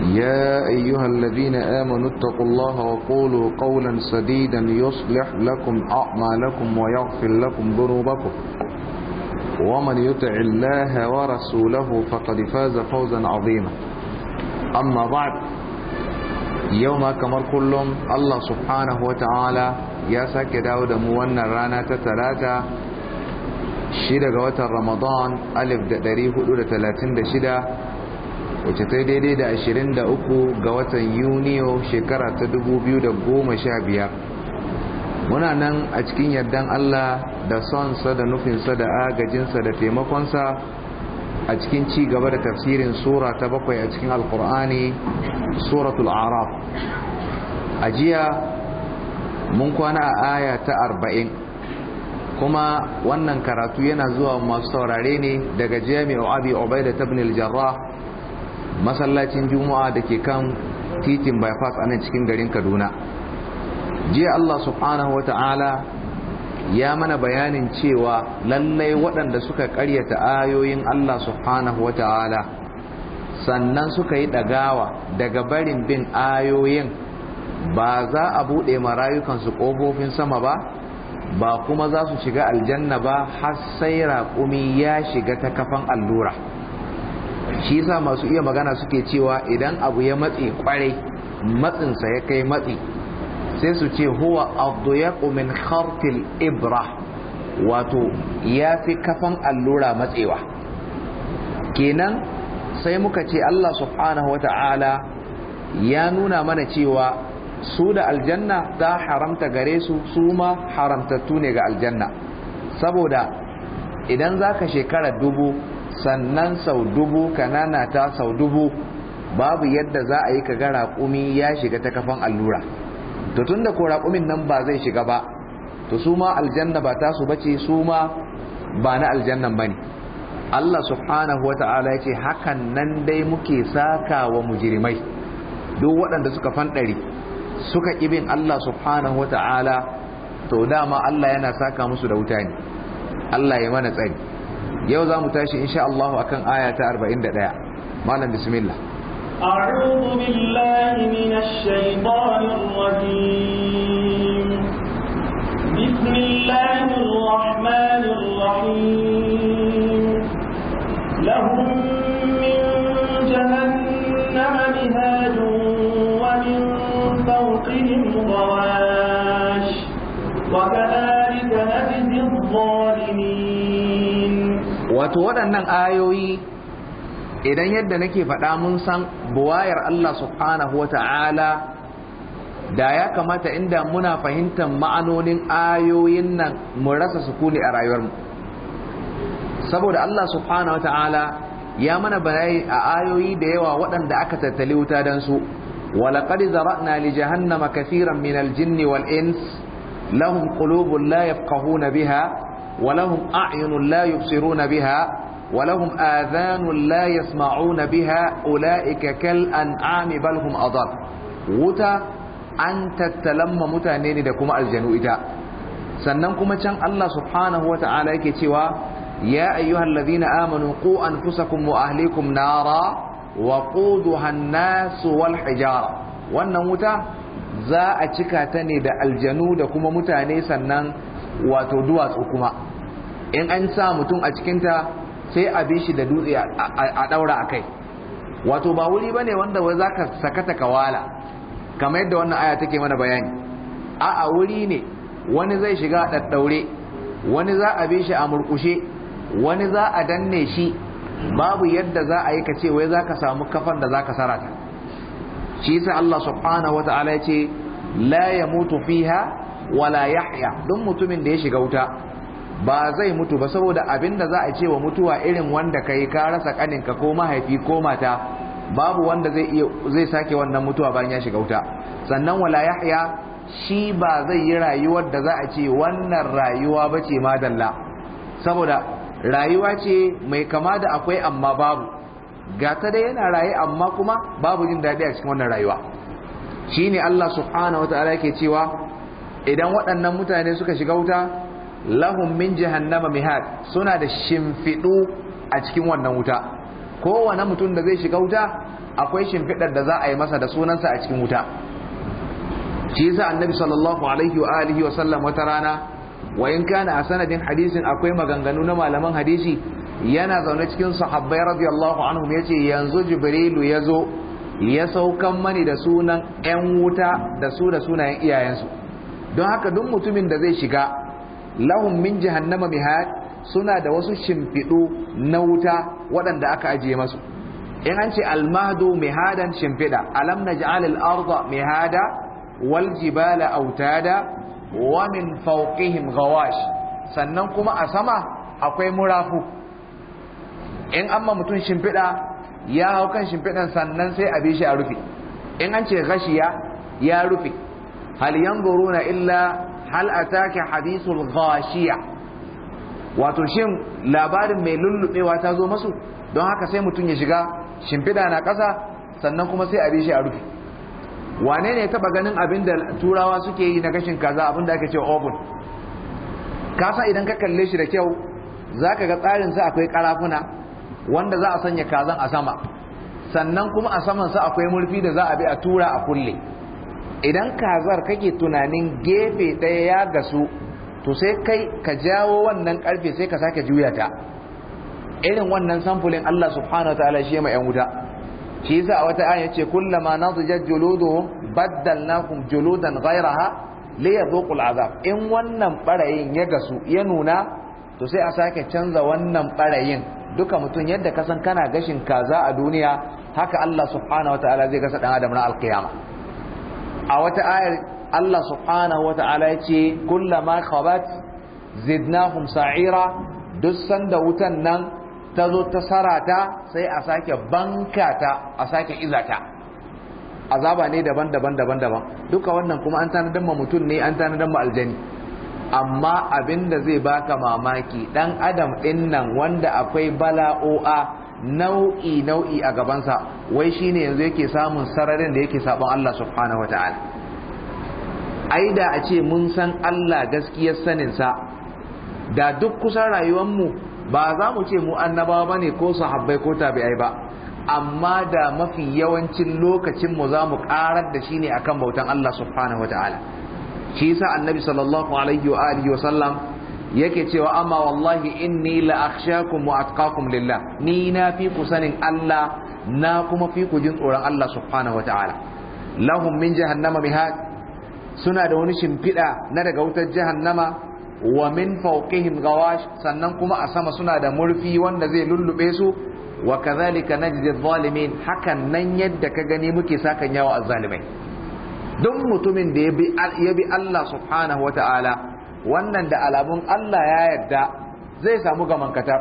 يا أيها الذين آمنوا اتقوا الله وقولوا قولا سديدا يصلح لكم أعمالكم ويغفر لكم ذنوبكم ومن يطع الله ورسوله فقد فاز فوزا عظيما أما بعد يوم كمر كلهم الله سبحانه وتعالى يا سك داود موانا رانا تتلاتا شيدا رمضان ألف دريه أولى تلاتين دا wacce ta daidai da 23 ga watan yuniyo shekara ta 2015 muna nan a cikin yardan Allah da sonsa da nufinsa da agajinsa da taimakonsa a cikin ci gaba da tafsirin sura ta bakwai a cikin alkur'ani suratul araf a jiya mun kwana a aya ta arba'in kuma wannan karatu yana zuwa masu saurare ne daga jami'u abi ubaida tabnil masallacin juma'a da ke kan titin bypass a nan cikin garin kaduna jiya allah subhanahu wa ta'ala ya mana bayanin cewa lallai waɗanda suka ƙaryata ayoyin allah subhanahu wa ta'ala sannan suka yi ɗagawa daga barin bin ayoyin ba za a buɗe marayukansu ƙofofin sama ba ba kuma za su shiga aljanna ba har sai raƙumi ya shiga ta kafan allura shi yasa masu iya magana suke cewa idan abu ya matse kwarai matsinsa ya kai matsi sai su ce huwa adyaqu min khartil ibra wato ya fi kafan allura matsewa kenan sai muka ce Allah subhanahu wata'ala ya nuna mana cewa su da aljanna ta haramta gare su su ma haramtattu ne ga aljanna saboda idan zaka shekara dubu sannan sau dubu kanana ta sau dubu babu yadda za a yi ka ga raƙumi ya shiga ta kafan allura to tunda ko raƙumin nan ba zai shiga ba to su ma aljanna ba ta su bace su ma ba na aljannan ne. Allah subhanahu wa ta'ala yace hakan nan dai muke saka wa mujirimai duk waɗanda suka fanɗari suka bin Allah subhanahu wa ta'ala to dama Allah yana saka musu da wuta ne Allah ya mana tsari yau za mu tashi insha Allah akan aya ta 41 malam bismillah أعوذ بالله من الشيطان الرجيم بسم الله الرحمن الرحيم لهم wato waɗannan ayoyi idan yadda nake faɗa mun san buwayar Allah subhanahu wa ta'ala da ya kamata inda muna fahimtar ma'anonin ayoyin nan mu rasa sukuni a rayuwarmu saboda Allah subhanahu wa ta'ala ya mana bayani a ayoyi da yawa waɗanda aka tattali wuta don su walaƙari zara'na li jahannama kasiran min aljinni wal ins lahum qulubun la na biha ولهم أعين لا يبصرون بها ولهم آذان لا يسمعون بها أولئك كالأنعام بل هم أضل وتا أن تتلم متانين دكما الجنو إتا سننكم كان الله سبحانه وتعالى كتوا يا أيها الذين آمنوا قوا أنفسكم وأهليكم نارا وقودها الناس والحجارة والنموتة za a cika ta ne da aljanu da kuma mutane sannan wato duwatsu kuma in an sa mutum a cikinta sai a bi shi da dutse a daura a kai wato ba wuri bane wanda wai zaka sakata kawala kamar yadda wannan aya take mana bayani a a wuri ne wani zai shiga a daddaure wani za a bi shi a murkushe wani za a danne shi babu yadda za a yi ka ce wai zaka samu kafan da zaka sarata shi sa Allah subhanahu wataala ya ce la yamutu fiha wala yahya duk mutumin da ya shiga wuta ba zai mutu ba saboda abin da za a ce wa mutuwa irin wanda kai ka rasa kaninka ko mahaifi ko mata babu wanda zai iya sake wannan mutuwa bayan ya shiga wuta sannan wala yahya shi ba zai yi rayuwar da za a ce wannan rayuwa bace madalla saboda rayuwa ce mai kama da akwai amma babu ga ta dai yana raye amma kuma babu jin daɗi a cikin wannan rayuwa Shi ne Allah subhanahu wataala yake cewa idan waɗannan mutane suka shiga wuta lahum min jahannama mihad suna da shimfidu a cikin wannan wuta kowane mutum da zai shiga wuta akwai shimfidar da za a yi masa da sunansa a cikin wuta shi yasa annabi sallallahu alaihi wa alihi wa sallam wata rana wa in kana a sanadin hadisin akwai maganganu na malaman hadisi yana zaune cikin sahabbai radiyallahu anhum yace yanzu jibrilu zo, ya saukan mani da sunan yan wuta da su da sunayen iyayensu don haka duk mutumin da zai shiga lahum min jahannama mihad suna da wasu shimfiɗu na wuta waɗanda aka ajiye masu in an ce almahdu mihadan shimfiɗa alam naj'al al-arda mihada wal jibala autada wa min fawqihim gawash" sannan kuma a sama akwai murafu in amma mutum shimfiɗa ya hau kan shimfiɗan sannan sai a bi shi a rufe in an ce gashiya ya rufe hal yanzuruna illa hal ataka hadithul ghashiya wato shin labarin mai lullubewa ta zo masu don haka sai mutum ya shiga shimfiɗa na ƙasa sannan kuma sai a bi shi a rufe wane ne taba ganin abin da turawa suke yi na gashin kaza abin da ake ce oven kasa idan ka kalle shi da kyau zaka ga tsarin sa akwai karafuna wanda za a sanya kazan a sama sannan kuma a saman sa akwai murfi da za a bi a tura a kulle idan kazar kake tunanin gefe ɗaya ya gasu to sai kai ka jawo wannan karfe sai ka sake juya ta irin wannan samfulin Allah subhanahu wataala shi mai yan wuta shi yasa a wata aya yace kullama nadijat juluduhum baddalnakum juludan ghayraha liyadhuqu al'azab in wannan barayin ya gasu ya nuna to sai a sake canza wannan barayin duka mutum yadda ka san kana gashin kaza a duniya haka Allah subhanahu wataala zai gasa dan adam na alkiyama a wata ayar Allah subhanahu wa ta'ala ya ce kullama khabat zidnahum sa'ira duk sanda wutan nan ta zo ta sarata sai a sake bankata a sake izata azaba ne daban-daban daban-daban duka wannan kuma an tanadan ma mutum ne an tanadan ma aljani amma abin da zai baka mamaki dan adam din nan wanda akwai bala'o'a nau'i nau'i a gabansa wai shine yanzu yake samun sararin da yake sabon Allah subhanahu wataala ai da a ce mun san Allah gaskiyar saninsa da duk kusan mu ba za mu ce mu annabawa ba ne ko sahabbai ko tabi'ai ba amma da mafi yawancin lokacin mu za mu karar da shi ne akan bautan Allah subhanahu wataala shi yasa annabi sallallahu alaihi wa alihi wa sallam yake cewa amma wallahi inni la akhshakum wa atqakum lillah ni na fi ku sanin Allah na kuma fi ku jin tsoron Allah subhanahu wataala lahum min jahannama mihad suna da wani shimfiɗa na daga wutar jahannama wa min fawqihim gawash sannan kuma a sama suna da murfi wanda zai lullube su wa kadhalika najzi adh-dhalimin hakan nan yadda ka gani muke sakan yawa azzalimai duk mutumin da ya bi Allah subhanahu wataala wannan da alamun Allah ya yarda zai samu gamankata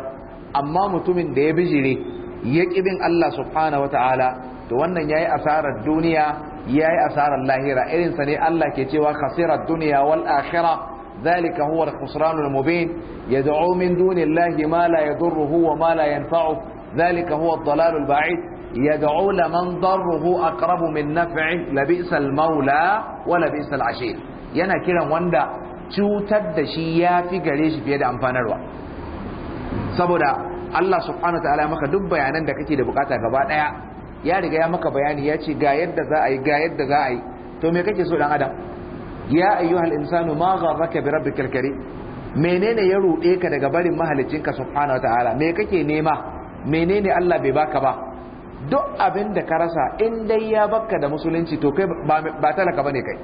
amma mutumin da ya bijire ya kibin Allah subhanahu wataala to wannan yayi asarar duniya yayi asarar lahira irin ne Allah ke cewa khasirar duniya wal akhirah min هو الخسران المبين يدعو من wa الله ما لا يضره وما لا ينفعه ba'id هو الضلال البعيد يدعو min naf'i أقرب من maula wa المولى ولبئس العشير yana kiran wanda cutar da shi ya fi gare shi fiye da amfanarwa saboda Allah subhanahu ta'ala maka duk bayanan da kake da bukata gaba daya ya riga ya maka bayani ya ce ga yadda za a yi ga yadda za a yi to me kake so dan adam ya ayyuhal insanu ma gharraka bi rabbikal karim menene ya rude ka daga barin mahaliccinka subhanahu ta'ala me kake nema menene Allah bai baka ba duk abin da ka rasa in dai ya baka da musulunci to kai ba talaka bane kai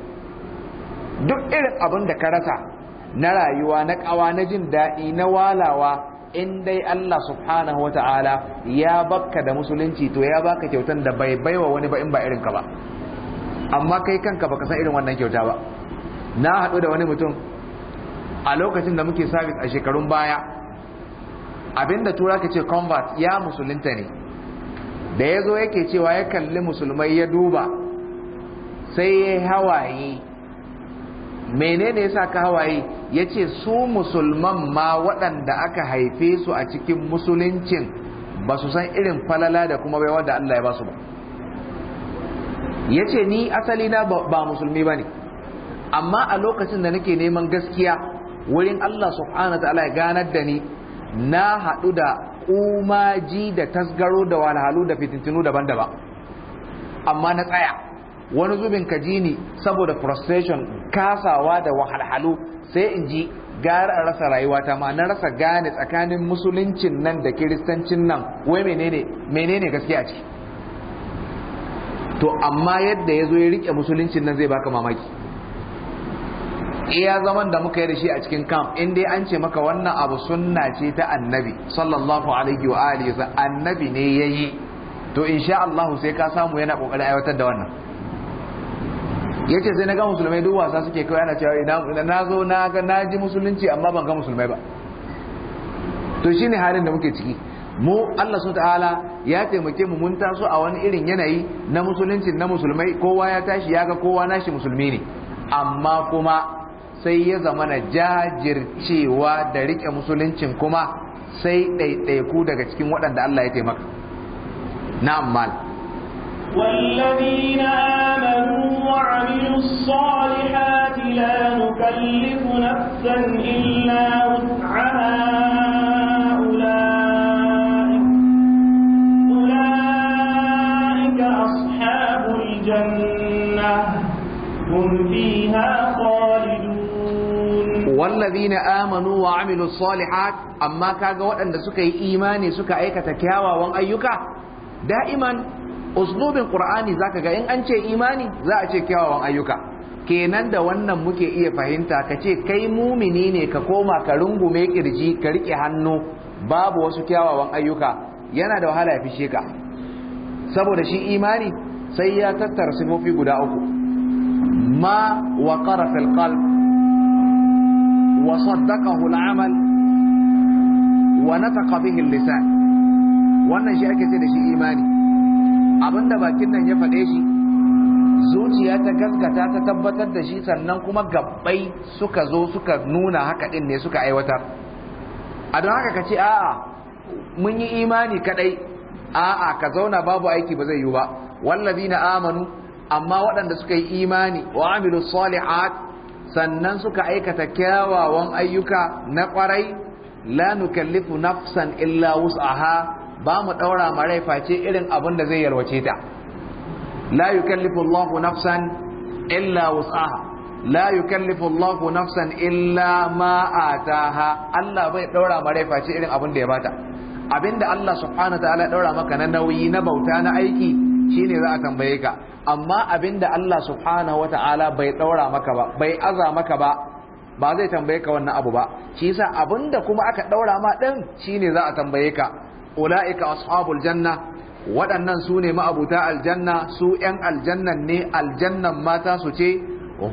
duk irin abin da ka rasa na rayuwa na kawa na jin daɗi na walawa in dai Allah subhanahu wa ta'ala ya baka da musulunci to ya baka kyautan da bai baiwa wani ba in ba irinka ba amma kai kanka baka san irin wannan kyauta ba na haɗu da wani mutum a lokacin da muke sabis a shekarun baya abinda tura ka ce convert ya musulunta ne da ya zo yake cewa ya kalli musulmai ya duba sai ya hawaye menene yasa ka hawaye yace su musulman ma waɗanda aka haife su a cikin musuluncin ba su san irin falala da kuma baiwa da Allah ya ba su ba yace ni asali na ba musulmi bane amma a lokacin da nake neman gaskiya wurin Allah subhanahu ta'ala ya ganar da ni na haɗu da umaji da tasgaro da walhalu da fitintinu daban-daban amma na tsaya wani zubin ka ji ni saboda frustration kasawa da wahalhalu sai in ji gara a rasa rayuwata ma na rasa gane tsakanin musuluncin nan da kiristancin nan wai menene menene gaskiya ce to amma yadda ya zo ya rike musuluncin nan zai baka mamaki iya zaman da muka yi da shi a cikin kam in dai an ce maka wannan abu sunna ce ta annabi sallallahu alaihi wa alihi annabi ne yayi to insha Allah sai ka samu yana kokarin aiwatar da wannan yace sai na ga musulmai duk wasa suke kawai ana cewa na zo na ga na ji musulunci amma ban ga musulmai ba to shine halin da muke ciki mu Allah subhanahu ta'ala ya taimake mu mun taso a wani irin yanayi na musulunci na musulmai kowa ya tashi ya ga kowa nashi musulmi ne amma kuma sai ya zama na jajircewa da rike musuluncin kuma sai ɗaiɗaiku daga cikin waɗanda Allah ya taimaka na'am mal والذين آمنوا وعملوا الصالحات لا نكلف نفسا إلا وسعها أولئك أولئك أصحاب الجنة هم فيها خالدون والذين آمنوا وعملوا الصالحات أما كاغا وأن سكي إيمان سكي أيكة كياوا وأن أيكة دائما uslubin qur'ani zaka ga in an ce imani za a ce kyawawan ayyuka kenan da wannan muke iya fahimta ka ce kai mumini ne ka koma ka rungume kirji ka rike hannu babu wasu kyawawan ayyuka yana da wahala ya fishe ka saboda shi imani sai ya tattara sifofi guda uku ma wa qara fil wa saddaqahu amal wa nataqa bihi al lisan wannan shi ake ce da shi imani abinda bakin nan ya faɗe shi zuciya ta gaskata ta tabbatar da shi sannan kuma gabbai suka zo suka nuna haka din ne suka aiwatar a don haka ka ce a'a mun yi imani kadai a'a ka zauna babu aiki ba zai yi ba na amanu amma waɗanda suka yi imani wa amilu salihat sannan suka aikata kyawawan ayyuka na kwarai la nukallifu nafsan illa wus'aha ba mu daura ma rai face irin abin da zai yarwace ta la yukallifu Allahu nafsan illa wus'aha la yukallifu Allahu nafsan illa ma ataha Allah bai daura ma rai face irin abin da ya bata abinda Allah subhanahu ta'ala ya daura maka na nauyi na bauta na aiki shine za a tambaye ka amma abinda Allah subhanahu ta'ala bai daura maka ba bai aza maka ba ba zai tambaye ka wannan abu ba shi yasa abinda kuma aka daura ma din shine za a tambaye ka ula'ika ashabul janna waɗannan su ne ma'abuta aljanna su ‘yan aljannan ne aljannan mata su ce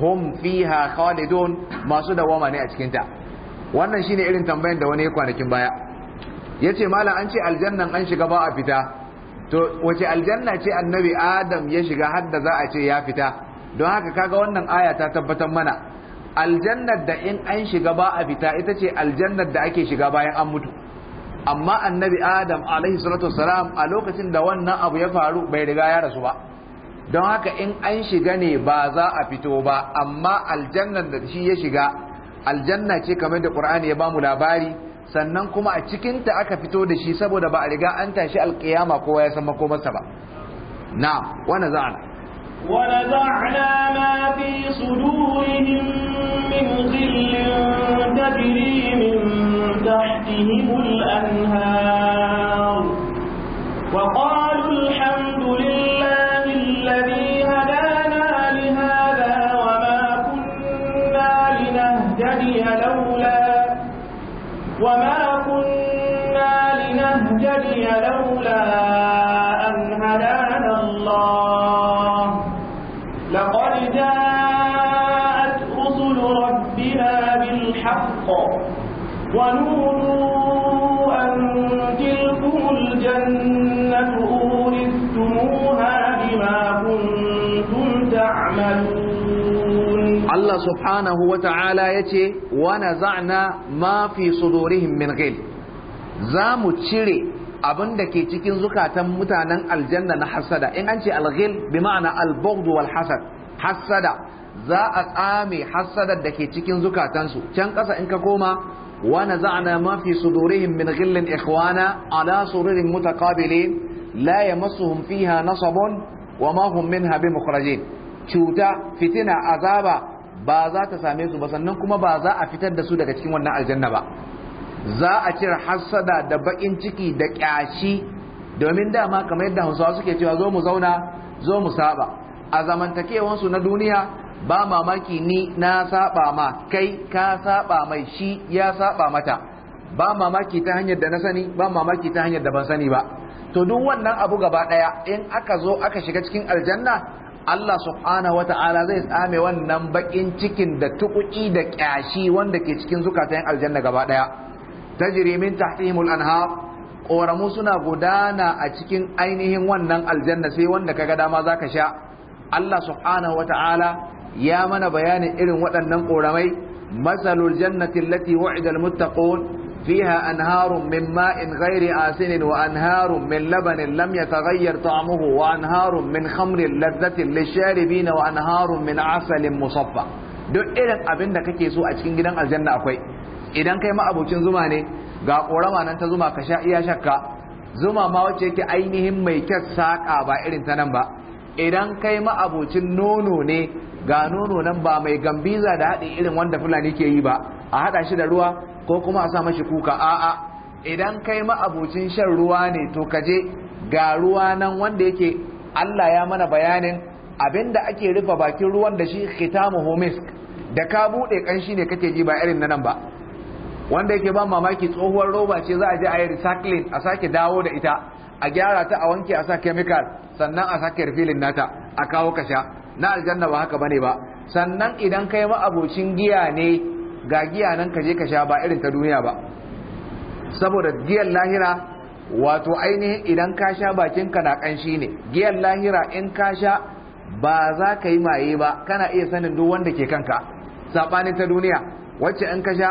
hum fiha khalidun masu dawama ne a cikinta wannan shine irin tambayan da wani kwanakin baya yace ce malam an ce aljannan an shiga ba a fita to wace aljanna ce annabi adam ya shiga har da za a ce ya fita don haka kaga wannan aya ta tabbatar mana aljannar da in an shiga ba a fita ita ce aljannar da ake shiga bayan an mutu amma annabi adam alaihi salatu wasalam a lokacin da wannan abu ya faru bai riga ya rasu ba don haka in an shiga ne ba za a fito ba amma aljannan da shi ya shiga aljanna ce kamar da qur'ani ya bamu labari sannan kuma a cikin ta aka fito da shi saboda ba a riga an tashi alkiyama kowa ya san makomarsa ba na wannan za'ana ونزعنا ما في صدورهم من غل تجري من تحتهم الأنهار وقالوا الحمد لله الذي هدانا لهذا وما كنا لنهتدي لولا وما كنا لنهتدي لولا subhanahu wa ta'ala ya ce wana za'na mafi sudurihim min ghil za mu cire abin da ke cikin zukatan mutanen aljanna na hassada. in an ce alghil bi ma'ana albughd wal hasad hasada za a tsame hasadar da ke cikin zukatansu can kasa in ka koma wana zaana mafi sudurihim min ghillin ikhwana ala sururin mutaqabilin la yamassuhum fiha nasabun wa ma hum minha bimukhrajin cuta fitina azaba ba za ta same su ba sannan kuma ba za a fitar da su daga cikin wannan aljanna ba za a cire hassada da bakin ciki da kyashi domin dama kamar yadda hausawa suke cewa zo mu zauna zo mu saba a zamantakewansu na duniya ba mamaki ni na saba ma kai ka saba mai shi ya saba mata ba mamaki ta hanyar da na sani ba mamaki ta hanyar da ban sani ba to duk wannan abu gaba daya in aka zo aka shiga cikin aljanna Allah subhanahu wata'ala zai tsame wannan bakin cikin da tuƙuƙi da ƙyashi wanda ke cikin zukatan aljanna gaba Ta tajri min tahtihimul anhar koramu suna gudana a cikin ainihin wannan aljanna sai wanda kaga dama zaka sha Allah subhanahu wata'ala ya mana bayanin irin waɗannan ƙoramai masalul jannatin lati wa'ida almuttaqun فيها أنهار من ماء غير آسن وأنهار من لبن لم يتغير طعمه وأنهار من خمر لذة للشاربين وأنهار من عسل مصفى duk irin abin da kake so a cikin gidan aljanna akwai idan kai ma'abocin zuma ne ga korama nan ta zuma ka sha iya shakka zuma ma wacce yake ainihin mai kyar saƙa ba irin ta nan ba idan kai ma'abocin nono ne ga nono nan ba mai gambiza da haɗin irin wanda fulani ke yi ba a haɗa shi da ruwa ko kuma a sa mashi kuka a'a idan kai ma'abocin shan ruwa ne to kaje ga ruwa nan wanda yake Allah ya mana bayanin abinda ake rufe bakin ruwan da shi khitamuhu misk da ka bude kanshi ne kake ji ba irin na nan ba wanda yake ba mamaki tsohuwar roba ce za a je a yi recycling a sake dawo da ita a gyara ta a wanke a sa chemical sannan a sake refilling nata a kawo kasha na aljanna ba haka bane ba sannan idan kai ma abocin giya ne ga giya nan ka je ka sha ba irin ta duniya ba saboda giyan lahira wato ainihin idan ka sha bakinka na kanshi ne Giyan lahira in ka sha ba za ka yi maye ba kana iya sanin duk wanda ke kanka sabanin ta duniya wacce in ka sha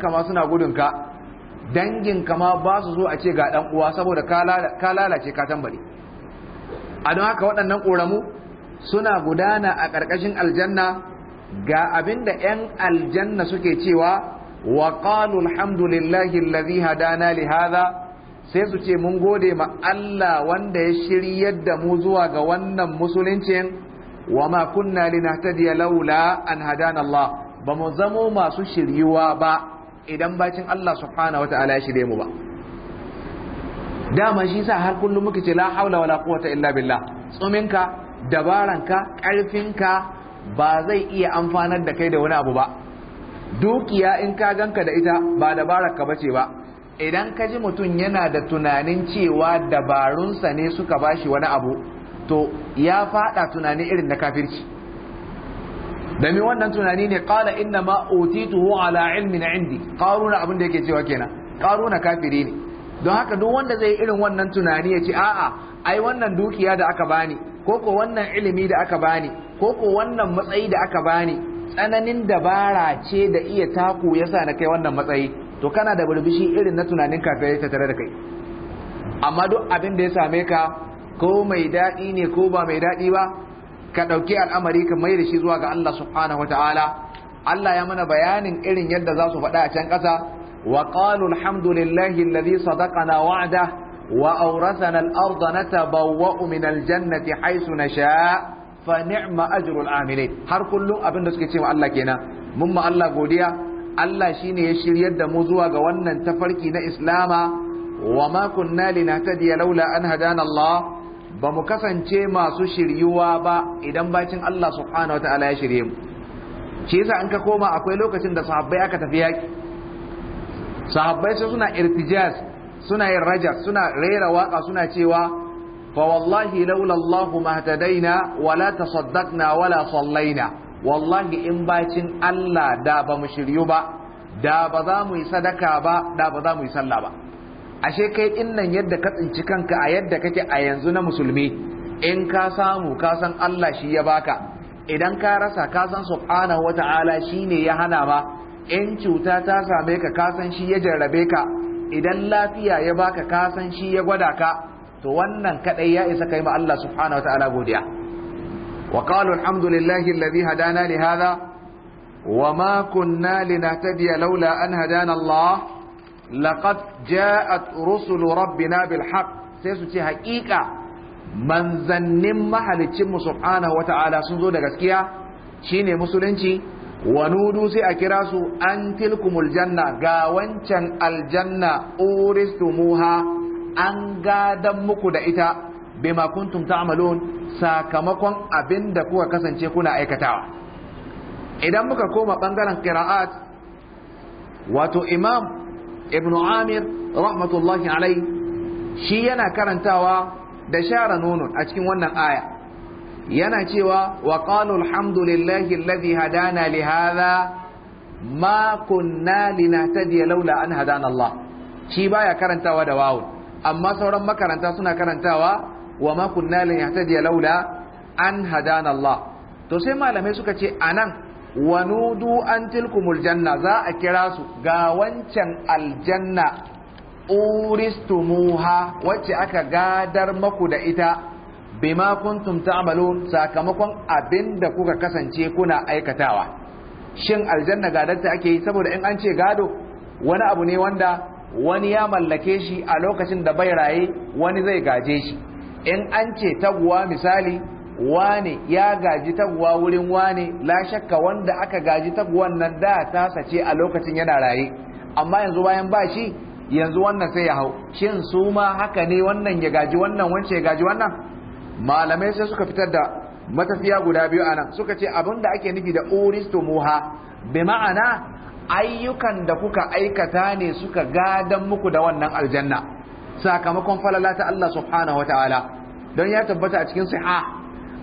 ka ma suna gudunka danginka ma ba su zo a ce ga ɗan uwa saboda ka lalace ka tambari a don haka waɗannan ƙoramu suna gudana a ƙarƙashin aljanna ga abinda 'yan aljanna suke cewa wa qalu alhamdulillahi allazi hadana li hadha sai su ce mun gode ma Allah wanda ya shiryar da mu zuwa ga wannan musuluncin wa ma kunna linahtadiya laula an hadana Allah ba mu zamo masu shiryuwa ba idan bacin Allah subhanahu wataala ya shirye mu ba dama shi sa har kullum muke ce la haula wala quwwata illa billah tsuminka dabaranka karfinka ba zai iya amfanar da kai da wani abu ba dukiya in ka ganka da ita ba dabarar ka bace ba idan ka ji mutum yana da tunanin cewa dabarunsa ne suka bashi wani abu to ya fada tunani irin na kafirci dami wannan tunani ne qala inna ma utituhu ala na indi karuna abin da yake cewa kenan karuna kafiri ne don haka duk wanda zai irin wannan tunani ya ce a'a ai wannan dukiya da aka bani ko ko wannan ilimi da aka bani ko ko wannan matsayi da aka bani tsananin dabara ce da iya taku yasa na kai wannan matsayi to kana da burbishi irin na tunanin kafirai ta tare da kai amma duk abin da ya same ka ko mai daɗi ne ko ba mai daɗi ba ka ɗauki al'amari ka mai da shi zuwa ga Allah subhanahu wataala Allah ya mana bayanin irin yadda za su faɗa a can ƙasa wa qalu alhamdulillahi alladhi sadaqana wa'da وأورثنا الأرض نتبوأ من الجنة حيث نشاء فنعم أجر العاملين har kullum abin da suke cewa Allah kenan mun ma Allah godiya Allah shine ya shiryar da mu zuwa ga wannan tafarki na Islama wa ma kunna linahtadiya laula an hadana Allah ba mu kasance masu shiryuwa ba idan bacin Allah subhanahu wataala ya shirye mu shi yasa an ka koma akwai lokacin da sahabbai aka tafi yaki sahabbai sai suna irtijaz suna yin raja suna rera waka suna cewa fa wallahi laula Allahu mahtadaina wala tasaddaqna wala sallaina wallahi in bacin Allah da ba mu shiryu ba da ba za mu yi sadaka ba da ba za mu yi sallah ba ashe kai din nan yadda ka tsinci kanka a yadda kake a yanzu na musulmi in ka samu ka san Allah shi ya baka idan ka rasa ka san subhanahu wata'ala shine ya hana ma in cuta ta same ka ka san shi ya jarrabe ka idan lafiya ya baka kasan shi ya gwada ka to wannan kadai ya isa kai ma Allah subhanahu wa ta'ala godiya wa qalu alhamdulillahi alladhi hadana li hadha wa ma kunna linahtadiya laula an hadana Allah laqad ja'at rusulu rabbina bil haqq sai su ce haƙiƙa manzannin mahalicin mu subhanahu wa ta'ala sun zo da gaskiya shine musulunci wa nudu sai a kira su an tilkumul janna ga wancan aljanna uristumuha an gadan muku da ita bima kuntum ta'malun sakamakon abinda kuka kasance kuna aikatawa idan muka koma bangaren qira'at wato imam ibnu amir rahmatullahi alai shi yana karantawa da share nunun a cikin wannan aya yana cewa wa qalu alhamdulillahi alladhi hadana li hadha ma kunna linahtadiya laula an hadana Allah shi baya karantawa da wawu amma sauran makaranta suna karantawa wa ma kunna linahtadiya laula an hadana Allah to sai malamai suka ce anan wa nudu an tilkumul janna za a kira su ga wancan aljanna uristumuha wacce aka gadar maku da ita bima kuntum ta'malun sakamakon abinda kuka kasance kuna aikatawa shin aljanna gadarta ake yi saboda in an ce gado wani abu ne wanda wani ya mallake shi a lokacin da bai raye wani zai gaje shi in an ce taguwa misali wane ya gaji taguwa wurin wane la shakka wanda aka gaji taguwan nan da ta sace a lokacin yana raye amma yanzu bayan ba shi yanzu wannan sai ya hau shin su ma haka ne wannan ya gaji wannan wancan ya gaji wannan malamai sai suka fitar da matafiya guda biyu anan suka ce abin da ake nufi da muha bi ma'ana ayyukan da kuka aikata ne suka gadan muku da wannan aljanna sakamakon falala ta Allah subhanahu wataala don ya tabbata a cikin sahih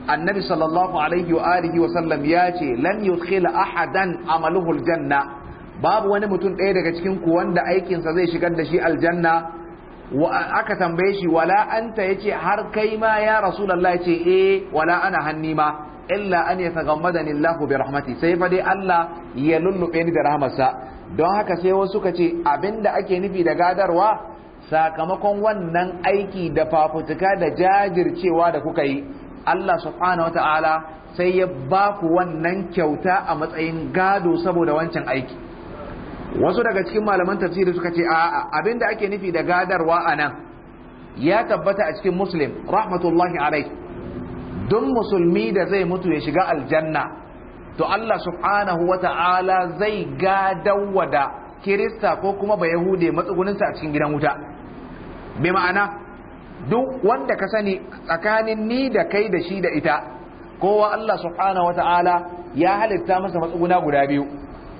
annabi sallallahu alaihi wa alihi wa sallam ya ce lan yudkhila ahadan amaluhu aljanna babu wani mutum ɗaya daga cikin ku wanda aikinsa zai shigar da shi aljanna aka tambaye shi wala anta yace har kai ma ya rasulullah yace eh wala ana hanni ma illa an yatagammadani Allahu bi rahmati sai fa dai Allah ya lullube ni da rahmarsa don haka sai wasu suka ce abinda ake nufi da gadarwa sakamakon wannan aiki da fafutuka da jajircewa da kuka yi Allah subhanahu wata'ala sai ya ba ku wannan kyauta a matsayin gado saboda wancan aiki wasu daga cikin malaman tafsiri suka ce a'a abinda ake nufi da gadarwa anan ya tabbata a cikin muslim rahmatullahi alai don musulmi da zai mutu ya shiga aljanna to Allah subhanahu wa ta'ala zai gadawa da kirista ko kuma ba yahude matsuguninsa a cikin gidan wuta bi ma'ana duk wanda ka sani tsakanin ni da kai da shi da ita kowa Allah subhanahu wa ta'ala ya halitta masa matsuguna guda biyu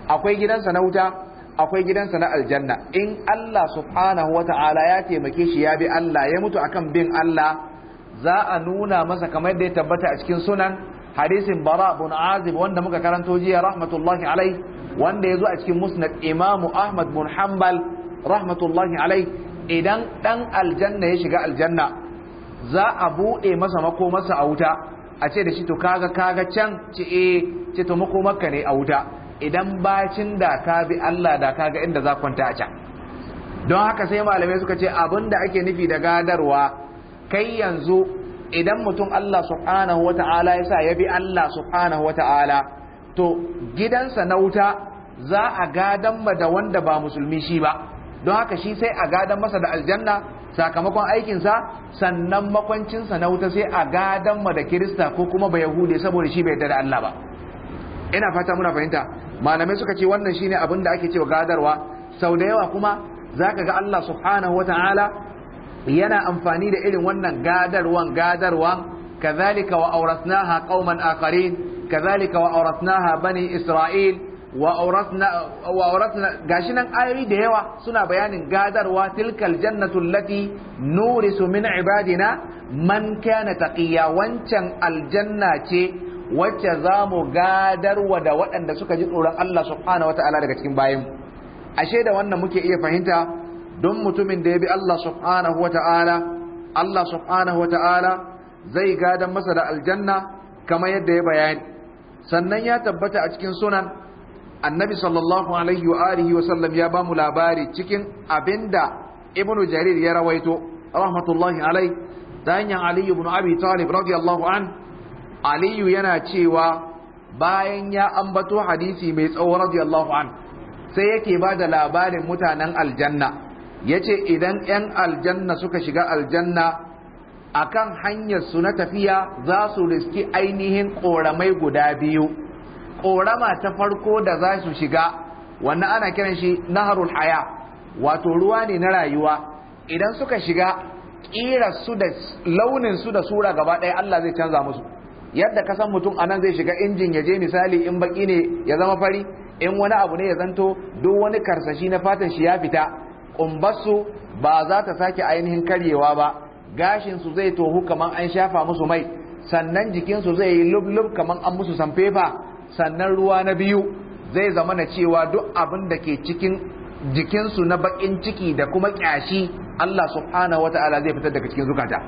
akwai gidansa na wuta akwai gidansa na aljanna in Allah subhanahu wa ta'ala ya taimake shi ya bi Allah ya mutu akan bin Allah za a nuna masa kamar da ya tabbata a cikin sunan hadisin bara bin azib wanda muka karanto jiya rahmatullahi alai wanda ya zo a cikin musnad imam ahmad bin hanbal rahmatullahi alai idan dan aljanna ya shiga aljanna za a buɗe masa makomarsa a wuta a ce da shi to kaga kaga can ce eh ce to makomarka ne a wuta idan bacin da ka bi Allah da ka ga inda za kwanta a can don haka sai malamai suka ce abin da ake nufi da gadarwa kai yanzu idan mutum Allah subhanahu wa ya sa ya bi Allah subhanahu wa to gidansa na wuta za a gadan ma da wanda ba musulmi shi ba don haka shi sai a gadan masa da aljanna sakamakon aikinsa sannan makwancinsa na wuta sai a gadan ma da kirista ko kuma ba yahude saboda shi bai yarda da Allah ba ina fata muna fahimta malamai suka ce wannan shine abin da ake cewa gadarwa sau da yawa kuma zaka ga Allah subhanahu wataala yana amfani da irin wannan gadarwan gadarwan kazalika wa awrasnaha qauman akharin kazalika wa bani isra'il wa awrasna wa awrasna gashi nan ayoyi da yawa suna bayanin gadarwa tilkal jannatu allati nurisu min ibadina man kana taqiya wancan aljanna ce wacce za mu gadarwa da waɗanda suka ji tsoron Allah subhanahu wata'ala daga cikin bayan ashe da wannan muke iya fahimta don mutumin da ya bi Allah subhanahu wata'ala Allah subhanahu wata'ala zai gadan masa da aljanna kamar yadda ya bayani sannan ya tabbata a cikin sunan annabi sallallahu alaihi wa alihi wa sallam ya bamu labari cikin abinda ibnu jarir ya rawaito rahmatullahi alaihi ta hanyar ali ibn abi talib radiyallahu anhu aliyu yana cewa bayan ya ambato hadisi mai tsawo radiyallahu an sai yake ba da labarin mutanen aljanna ya ce idan 'yan aljanna suka shiga aljanna a kan hanyarsu na tafiya za su riski ainihin ƙoramai guda biyu ƙorama ta farko da za su shiga wanda ana kiran shi naharul haya wato ruwa ne na rayuwa idan suka shiga ƙira su da launin da sura gaba ɗaya Allah zai canza musu yadda ka san mutum anan zai shiga injin ya je misali in baki ne ya zama fari in wani abu ne ya zanto duk wani karsashi na fatan shi ya fita kumbarsu ba za ta sake ainihin karyewa ba gashinsu zai tohu kamar an shafa musu mai sannan jikinsu zai yi lublub kamar an musu sanfefa sannan ruwa na biyu zai zama na cewa duk abin da ke cikin jikinsu na bakin ciki da kuma kyashi Allah subhanahu wata'ala zai fitar daga cikin zukata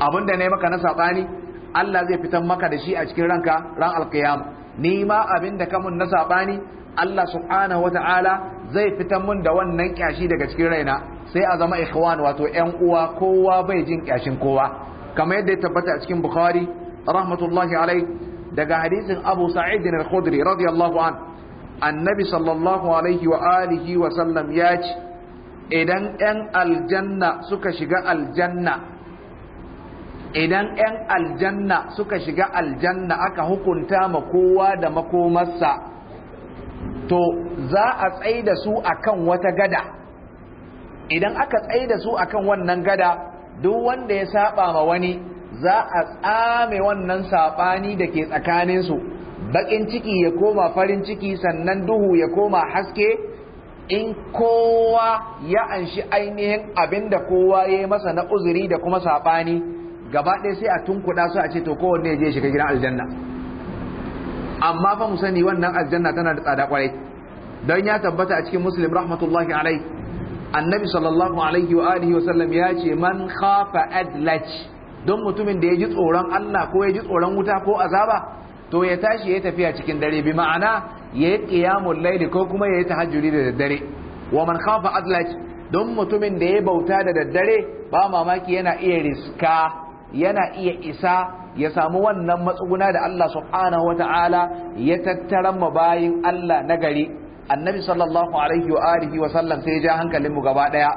abin da ne maka na saɓani Allah zai fitan maka da shi a cikin ranka ran alkiyama ni ma abin da kamun na sabani Allah subhanahu Ta'ala zai fitan mun da wannan kyashi daga cikin raina sai a zama ikhwan wato ƴan uwa kowa bai jin kyashin kowa kamar yadda ya tabbata a cikin bukhari rahmatullahi alai daga hadisin abu sa'id al-khudri radiyallahu an annabi sallallahu alaihi wa alihi wa sallam ya ce idan 'yan aljanna suka shiga aljanna idan 'yan aljanna suka shiga aljanna aka hukunta ma kowa da makomarsa to za a tsai da su akan wata gada idan aka tsai da su akan wannan gada duk wanda ya saba ma wani za a tsame wannan sabani da ke tsakaninsu bakin ciki ya koma farin ciki sannan duhu ya koma haske in kowa ya anshi ainihin abin da kowa ya yi masa na uzuri da kuma sabani gaba ɗaya sai a tunkuɗa su a ce to kowanne ya je shiga gidan aljanna amma fa mu sani wannan aljanna tana da tsada kwarai don ya tabbata a cikin muslim rahmatullahi alai annabi sallallahu alaihi wa alihi wa sallam ya ce man khafa adlaj don mutumin da ya ji tsoron Allah ko ya ji tsoron wuta ko azaba to ya tashi ya tafiya cikin dare bi ma'ana ya yi qiyamul ko kuma ya yi ta tahajjudi da daddare wa man khafa adlaj don mutumin da ya bauta da daddare ba mamaki yana iya riska yana iya isa ya samu wannan matsuguna da Allah subhanahu wa ta'ala ya tattaran bayin Allah na gari annabi sallallahu alaihi wa wa sallam sai ja hankalin mu gaba ɗaya.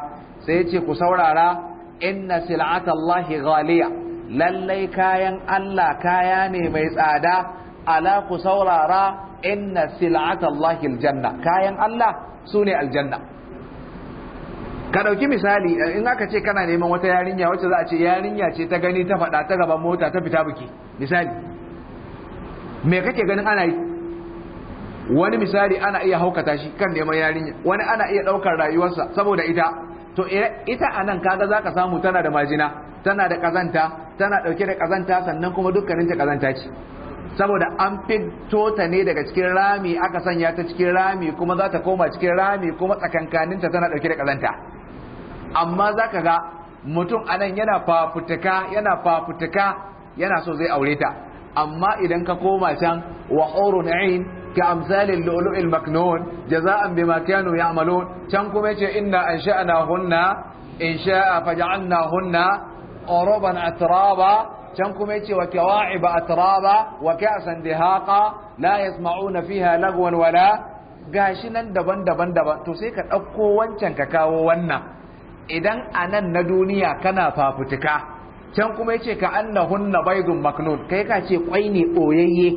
sai ya ce ku saurara inna sil'atallahi ghaliya lallai kayan Allah kaya ne mai tsada ala ku saurara inna sil'atallahi aljanna kayan Allah su ne aljanna ka ɗauki misali eh, in aka ce kana neman wata yarinya wacce za a ce yarinya ce ta gani ta faɗa ta gaban mota ta fita buki misali me kake ganin ana yi wani misali ana iya haukata shi kan neman yarinya wani ana iya ɗaukar rayuwarsa saboda ita to ita a nan kaga za ka samu tana da majina tana da ƙazanta tana ɗauke da ƙazanta sannan kuma dukkaninta ƙazanta ce saboda an fito ta ne daga cikin rami aka sanya ta cikin rami kuma za ta koma cikin rami kuma tsakankaninta tana ɗauke da ƙazanta amma za ka ga mutum anan yana fafutuka yana fafutuka yana so zai aure ta amma idan ka koma can wa hurun ain ka amsalin lu'lu'il maknun jaza'an bima ya ya'malun can kuma yace inna ansha'na hunna insha'a faj'alna hunna oroban atraba can kuma yace wa kawa'iba atraba wa ka'san dihaqa la na fiha lagwan wala gashi nan daban-daban daban to sai ka ɗauko wancan ka kawo wannan idan a nan na duniya kana fafutuka can kuma yace ka na baydun maknun kai ka ce kwai ne oyayye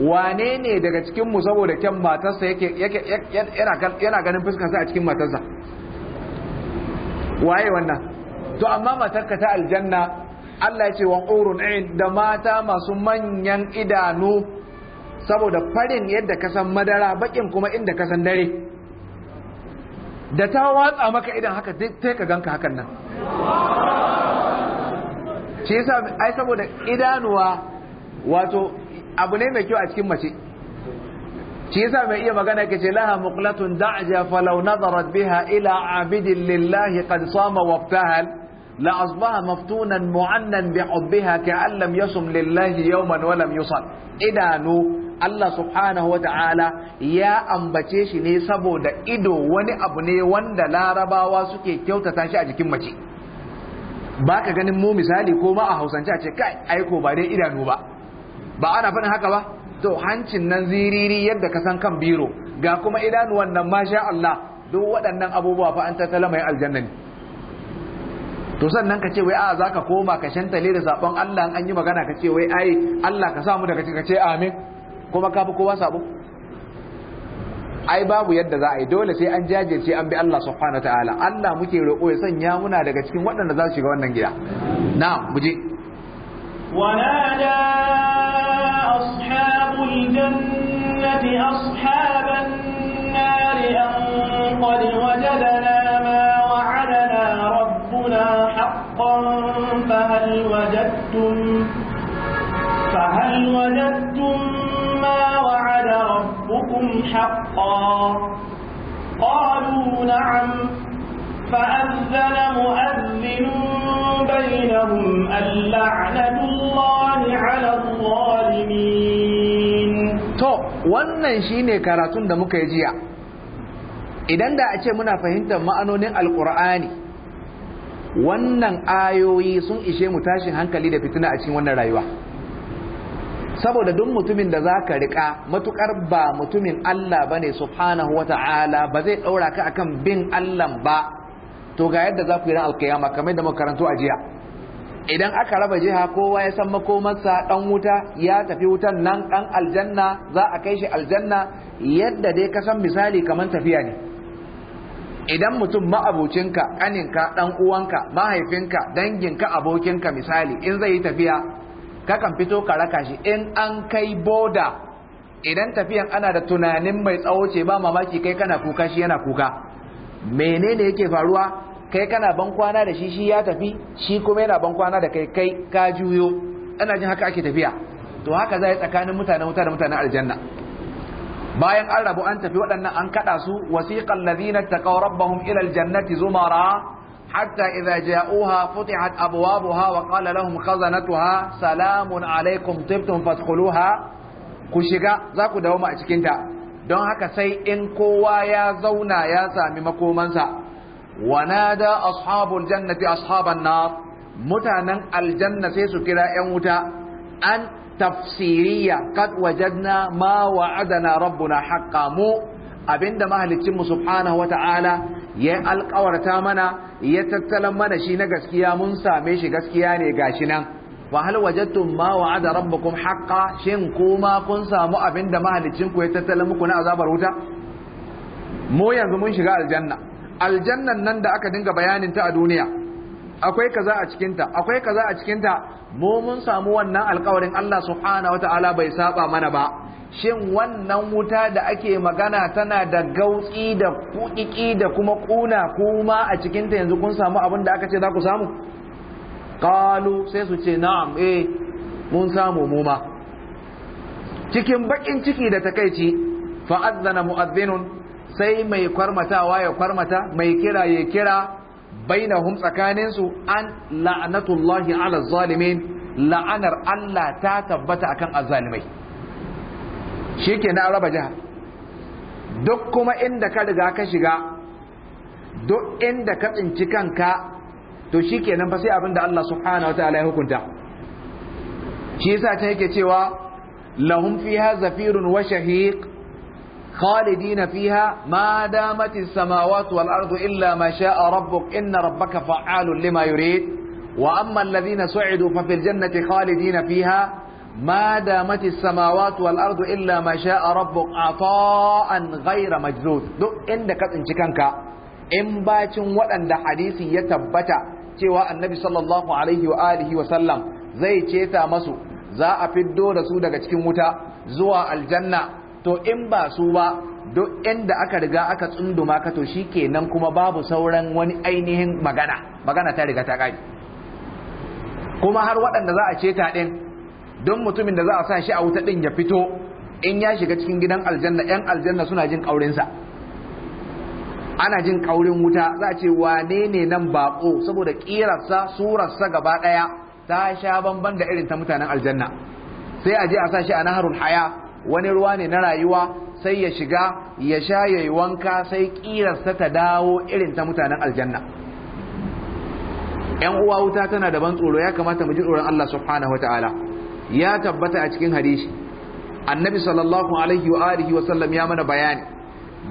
wane ne daga cikin mu saboda kyan matarsa yake yana ganin fuskarsa a cikin matarsa waye wannan to amma matarka ta aljanna Allah ya ce wa qurun ain da mata masu manyan idanu saboda farin yadda ka san madara bakin kuma inda ka san dare da ta watsa maka idan haka sai ka ganka hakan nan shi yasa ai saboda idanuwa wato abu ne mai kyau a cikin mace ce yasa mai iya magana ke ce laha muqlatun da'ja falau biha ila abidin lillahi qad sama waftahal لأصبح مفتونا معنا بحبها كأن لم يصم لله يوما ولم يصل إدانو Allah subhanahu wata'ala ya ambace shi ne saboda ido wani abu ne wanda larabawa suke kyautata shi a jikin mace ba ka ganin mu misali ko ma a hausance a ce kai aiko ba dai idanu ba ba ana faɗin haka ba to hancin nan ziriri yadda ka san kan biro ga kuma idanu wannan masha Allah duk waɗannan abubuwa fa an tattala mai aljanna ne to sannan ka ce wai a zaka koma ka shantale da zaben Allah an yi magana ka ce wai ai Allah ka samu daga ka ce amin kuma ka fi kowa sabo ai babu yadda za a yi dole sai an jajirce an bi Allah subhanahu ta'ala Allah muke roƙo ya sanya muna daga cikin waɗanda za su shiga wannan gida na'am buje ونادى أصحاب الجنة أصحاب النار أن قد وجدنا ما وعدنا عليها حقا فهل وجدتم فهل وجدتم ما وعد ربكم حقا قالوا نعم فأذن مؤذن بينهم اللعنة الله على الظالمين to wannan shine karatun da muka yi jiya idan da a ce muna fahimtar ma'anonin alqur'ani wannan ayoyi sun ishe mu tashin hankali da fitina a cikin wannan rayuwa saboda duk mutumin da zaka rika matukar ba mutumin Allah ba ne subhanahu wa ta'ala ba zai ɗaura ka akan bin Allah ba to ga yadda za ku yi ran alkiyama kamar da makarantu a jiya idan aka raba jiha kowa ya san makomarsa ɗan wuta ya tafi wutan nan ɗan aljanna za a kai shi aljanna yadda dai ka san misali kamar tafiya ne idan mutum ma'abocinka kaninka ɗan uwanka mahaifinka danginka abokinka misali in zai yi tafiya kakan fito ka raka shi in an kai boda idan tafiyan ana da tunanin mai tsawo ce ba mamaki kai kana kuka shi yana kuka menene yake faruwa kai kana ban kwana da shi shi ya tafi shi kuma yana ban kwana da kai kai ka juyo ana jin haka ake tafiya to haka zai tsakanin mutane wuta da mutanen aljanna bayan an rabu an tafi waɗannan an kaɗa su wasiqal ladina taqaw rabbahum ila aljannati zumara حتى إذا جاءوها فتحت salamun وقال لهم خزنتها Ku shiga za ku dawo زاكو a cikinta. don haka sai in kowa ya zauna ya sami makomansa wanada ashabul jannati ashaban nar mutanen aljanna sai su kira yan wuta an tafsiriya kad wajadna ma wa'adana rabbuna haqqan mu abinda mahalicin mu subhanahu wata'ala ya alƙawarta mana ya tattalan mana shi na gaskiya mun same shi gaskiya ne gashi nan wa hal wajadtum ma wa'ada rabbukum haqqan shin kuma kun samu abinda mahalicinku ya tattala muku na azabar wuta mu yanzu mun shiga aljanna aljannan nan da aka dinga bayanin ta a duniya akwai kaza a cikinta akwai kaza a cikinta mu mun samu wannan alƙawarin Allah subhanahu wataala bai saba mana ba shin wannan wuta da ake magana tana da gautsi da kuƙiƙi da kuma ƙuna kuma a cikinta yanzu kun samu abin da aka ce za ku samu qalu sai su ce na'am eh mun samu mu ma cikin bakin ciki da takaici fa azzana mu'adhdhinun sai mai kwarmatawa ya kwarmata mai kira ya kira bainahum tsakaninsu an la'anatullahi ala zalimin la'anar Allah ta tabbata akan azzalimai na raba jihar duk kuma inda ka riga ka shiga duk inda ka tsinci kanka to shikenan fa sai abin da Allah subhanahu wataala ya hukunta shi yasa ta yake cewa lahum fiha zafirun wa shahiq khalidina fiha ma damati samawati wal ardu illa ma sha'a rabbuk inna rabbaka fa'alun lima yurid wa amma alladhina su'idu fa fil jannati khalidina fiha ما دامت السماوات والأرض إلا ما شاء ربك عطاء غير مجذوذ duk inda ka tsinci kanka in bacin waɗanda hadisi ya tabbata cewa annabi sallallahu alaihi wa alihi wa sallam zai ceta masu za a fiddo da su daga cikin wuta zuwa aljanna to in ba su ba duk inda aka riga aka tsunduma ka to shikenan kuma babu sauran wani ainihin magana magana ta riga ta kai kuma har waɗanda za a ta ɗin don mutumin da za a sa shi a wuta ɗin ya fito in ya shiga cikin gidan aljanna yan aljanna suna jin ƙaurinsa ana jin ƙaurin wuta za a ce wane ne nan baƙo saboda kirarsa surarsa gaba ɗaya ta sha bamban da irin ta mutanen aljanna sai a je a sa shi a naharul haya wani ruwa ne na rayuwa sai ya shiga ya sha ya yi wanka sai kirarsa ta dawo irin ta mutanen aljanna yan uwa wuta tana da ban tsoro ya kamata mu ji tsoron Allah subhanahu wataala ya tabbata a cikin hadisi annabi sallallahu alaihi wa alihi wa sallam ya mana bayani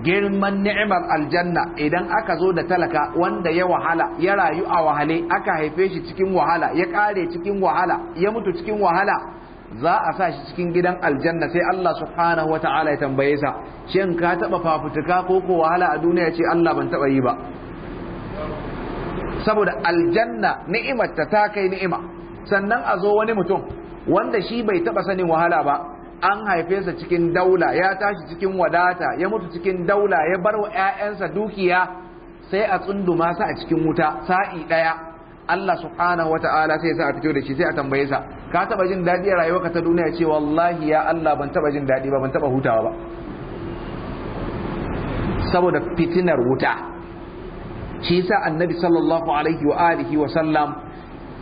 girman ni'imar aljanna idan aka zo da talaka wanda ya wahala ya rayu a wahale aka haife shi cikin wahala ya kare cikin wahala ya mutu cikin wahala za a sa shi cikin gidan aljanna sai Allah subhanahu wa ta'ala ya tambaye sa shin ka taba fafutuka ko ko wahala a duniya ce Allah ban taba yi ba saboda aljanna ni'imar ta ta kai ni'ima sannan a zo wani mutum wanda shi bai taba sanin wahala ba an haife sa cikin daula ya tashi cikin wadata ya mutu cikin daula ya bar wa 'ya'yansa dukiya sai a tsunduma sa a cikin wuta sa'i daya Allah subhanahu wata'ala sai sa a fito da shi sai a tambaye sa ka taba jin daɗi a rayuwarka ta duniya ce wallahi ya Allah ban taba jin daɗi ba ban taba hutawa ba saboda fitinar wuta shi yasa annabi sallallahu alaihi wa alihi wa sallam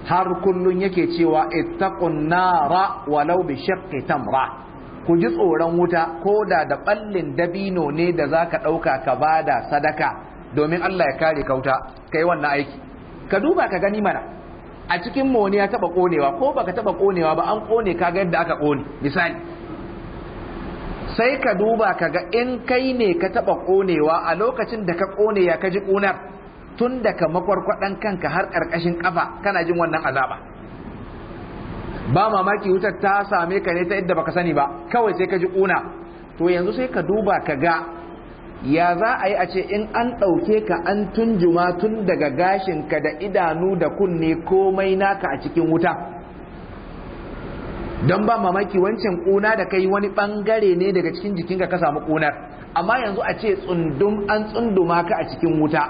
har kullun yake cewa ittaqun nara walau bi shaqqi tamra ku ji tsoron wuta ko da da ballin dabino ne da zaka dauka ka bada sadaka domin Allah ya kare kauta kai wannan aiki ka duba ka gani mana a cikin mu ya taba konewa ko baka taba konewa ba an kone ka ga yadda aka kone misali sai ka duba ka ga in kai ne ka taba konewa a lokacin da ka kone ya ka ji kunar tun ka makwarkwadan kanka har karkashin kafa kana jin wannan azaba ba mamaki wutar ta same ka ne ta yadda baka sani ba kawai sai ka ji kuna to yanzu sai ka duba ka ga ya za a yi a ce in an ɗauke ka an tunjuma tun daga gashinka da idanu da kunne komai naka a cikin wuta don ba mamaki wancan ƙuna da kai wani ɓangare ne daga cikin jikinka ka samu ƙunar amma yanzu a ce tsundum an tsunduma ka a cikin wuta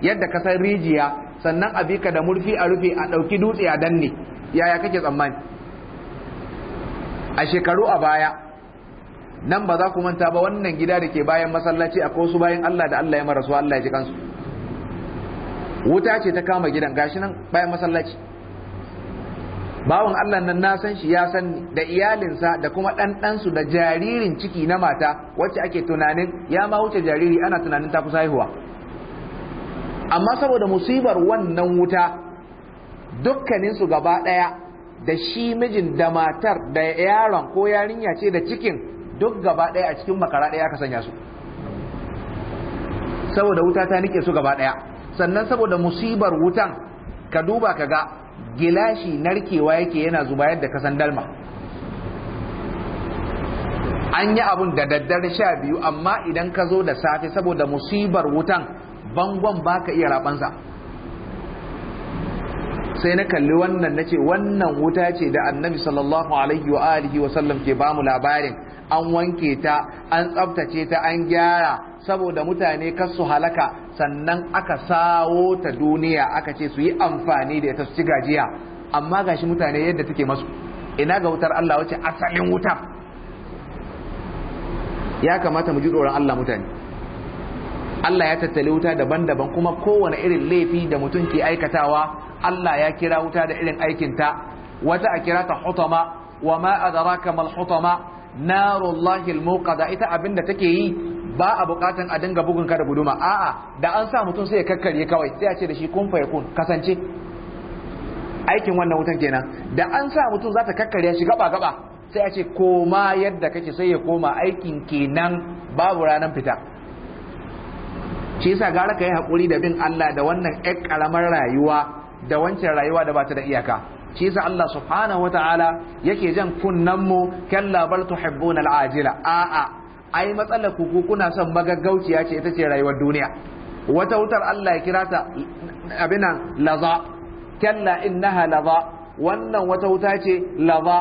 yadda ka san rijiya sannan a bi ka da murfi a rufe a ɗauki dutse a danne yaya kake tsammani a shekaru a baya nan ba za ku manta ba wannan gida da ke bayan masallaci a wasu bayan Allah da Allah ya marasu Allah ya ji kansu wuta ce ta kama gidan gashi nan bayan masallaci bawan Allah nan na san shi ya san da iyalinsa da kuma ɗanɗansu da jaririn ciki na mata wacce ake tunanin ya ma wuce jariri ana tunanin ta kusa haihuwa amma saboda musibar wannan wuta dukkaninsu gaba ɗaya da shi mijin da matar da yaron ko yarinya ce da cikin duk gaba ɗaya a cikin makara ɗaya aka sanya su saboda wuta ta nike su gaba ɗaya sannan saboda musibar wutan ka duba ka ga gilashi narkewa yake yana zuba yadda ka san dalma an yi abun da daddare sha biyu amma idan ka zo da safe saboda musibar wutan bangon ba ka iya rabansa sai na kalli wannan na ce wannan wuta ce da annabi sallallahu alaihi wa alihi wasallam ke ke bamu labarin an wanke ta an tsaftace ta an gyara saboda mutane kar su halaka sannan aka sawo ta duniya aka ce su yi amfani da ita su ci gajiya amma gashi mutane yadda take masu ina ga wutar Allah wace asalin wuta ya kamata mu ji tsoron Allah mutane Allah ya tattali wuta daban-daban kuma kowane irin laifi da mutum ke aikatawa Allah ya kira wuta da irin aikinta wata a kira ta hutama wa ma adraka mal hutama narullahil muqada ita abinda take yi ba a bukatan a dinga bugun ka da guduma a'a da an sa mutum sai ya kakkarye kawai sai a ce da shi kun fa yakun kasance aikin wannan wutan kenan da an sa mutum za ta kakkarya shi gaba gaba sai a ce koma yadda kake sai ya koma aikin kenan babu ranar fita shi yasa gara ka yi hakuri da bin Allah da wannan ƴar ƙaramar rayuwa da wancan rayuwa da ba ta da iyaka shi yasa Allah subhanahu yake jan kunnan mu kalla bal tuhibbuna al'ajila a'a ai matsalar ku kuna son magaggauciya ce ita ce rayuwar duniya wata wutar Allah ya kira ta abinan laza kalla innaha laza wannan wata wuta ce laza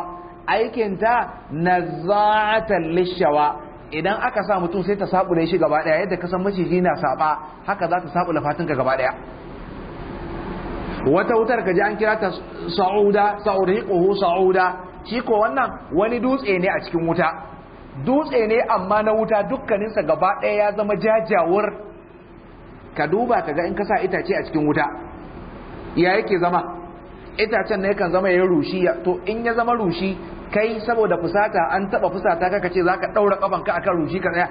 aikinta nazza'atan lishawa idan aka sa mutum sai ta sabule shi gaba daya yadda ka san maciji na saba haka za ta sabula fatinka gaba daya wata wutar ka ji an kira ta sa'uda sa'uriquhu sa'uda shi ko wannan wani dutse ne a cikin wuta dutse ne amma na wuta dukkaninsa gaba ɗaya ya zama jajawar ka duba ka ga in ka sa itace a cikin wuta ya yake zama itacen ne kan zama ya rushi to in ya zama rushi kai saboda fusata an taba fusata ka ce zaka daura ka akan rushi ka tsaya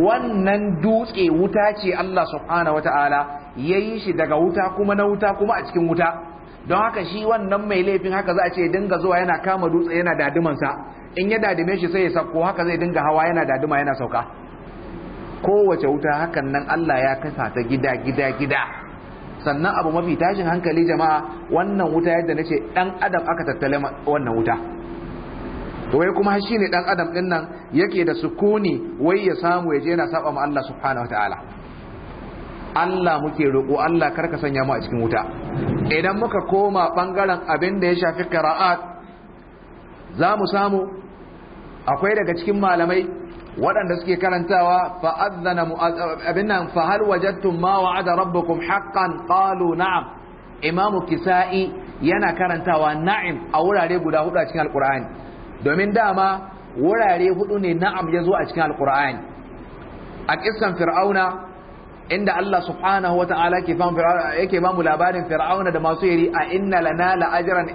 wannan dutse wuta ce Allah subhanahu wataala ya yi shi daga wuta kuma na wuta kuma a cikin wuta don haka shi wannan mai laifin haka za a ce dinga zuwa yana kama dutse yana dadimansa in ya dadime shi sai ya sauko haka zai dinga hawa yana daduma yana sauka kowace wuta hakan nan Allah ya kasa ta gida gida gida sannan abu mafi tashin hankali jama'a wannan wuta yadda nace dan adam aka tattale wannan wuta wai kuma shi ne dan adam din nan yake da sukuni wai ya samu ya je yana saba ma Allah subhanahu wataala Allah muke roƙo Allah kar ka sanya mu a cikin wuta idan muka koma bangaren abin da ya shafi qira'at za mu samu akwai daga cikin malamai waɗanda suke karantawa fa azzana abin nan fa hal wajadtum ma wa'ada rabbukum haqqan qalu na'am imamu kisa'i yana karantawa na'im a wurare guda hudu a cikin alqur'ani domin dama wurare hudu ne na'am ya zo a cikin alqur'ani a kissan fir'auna inda Allah subhanahu wa ta'ala ke fan yake ba mu labarin fir'auna da masu yari a inna lana la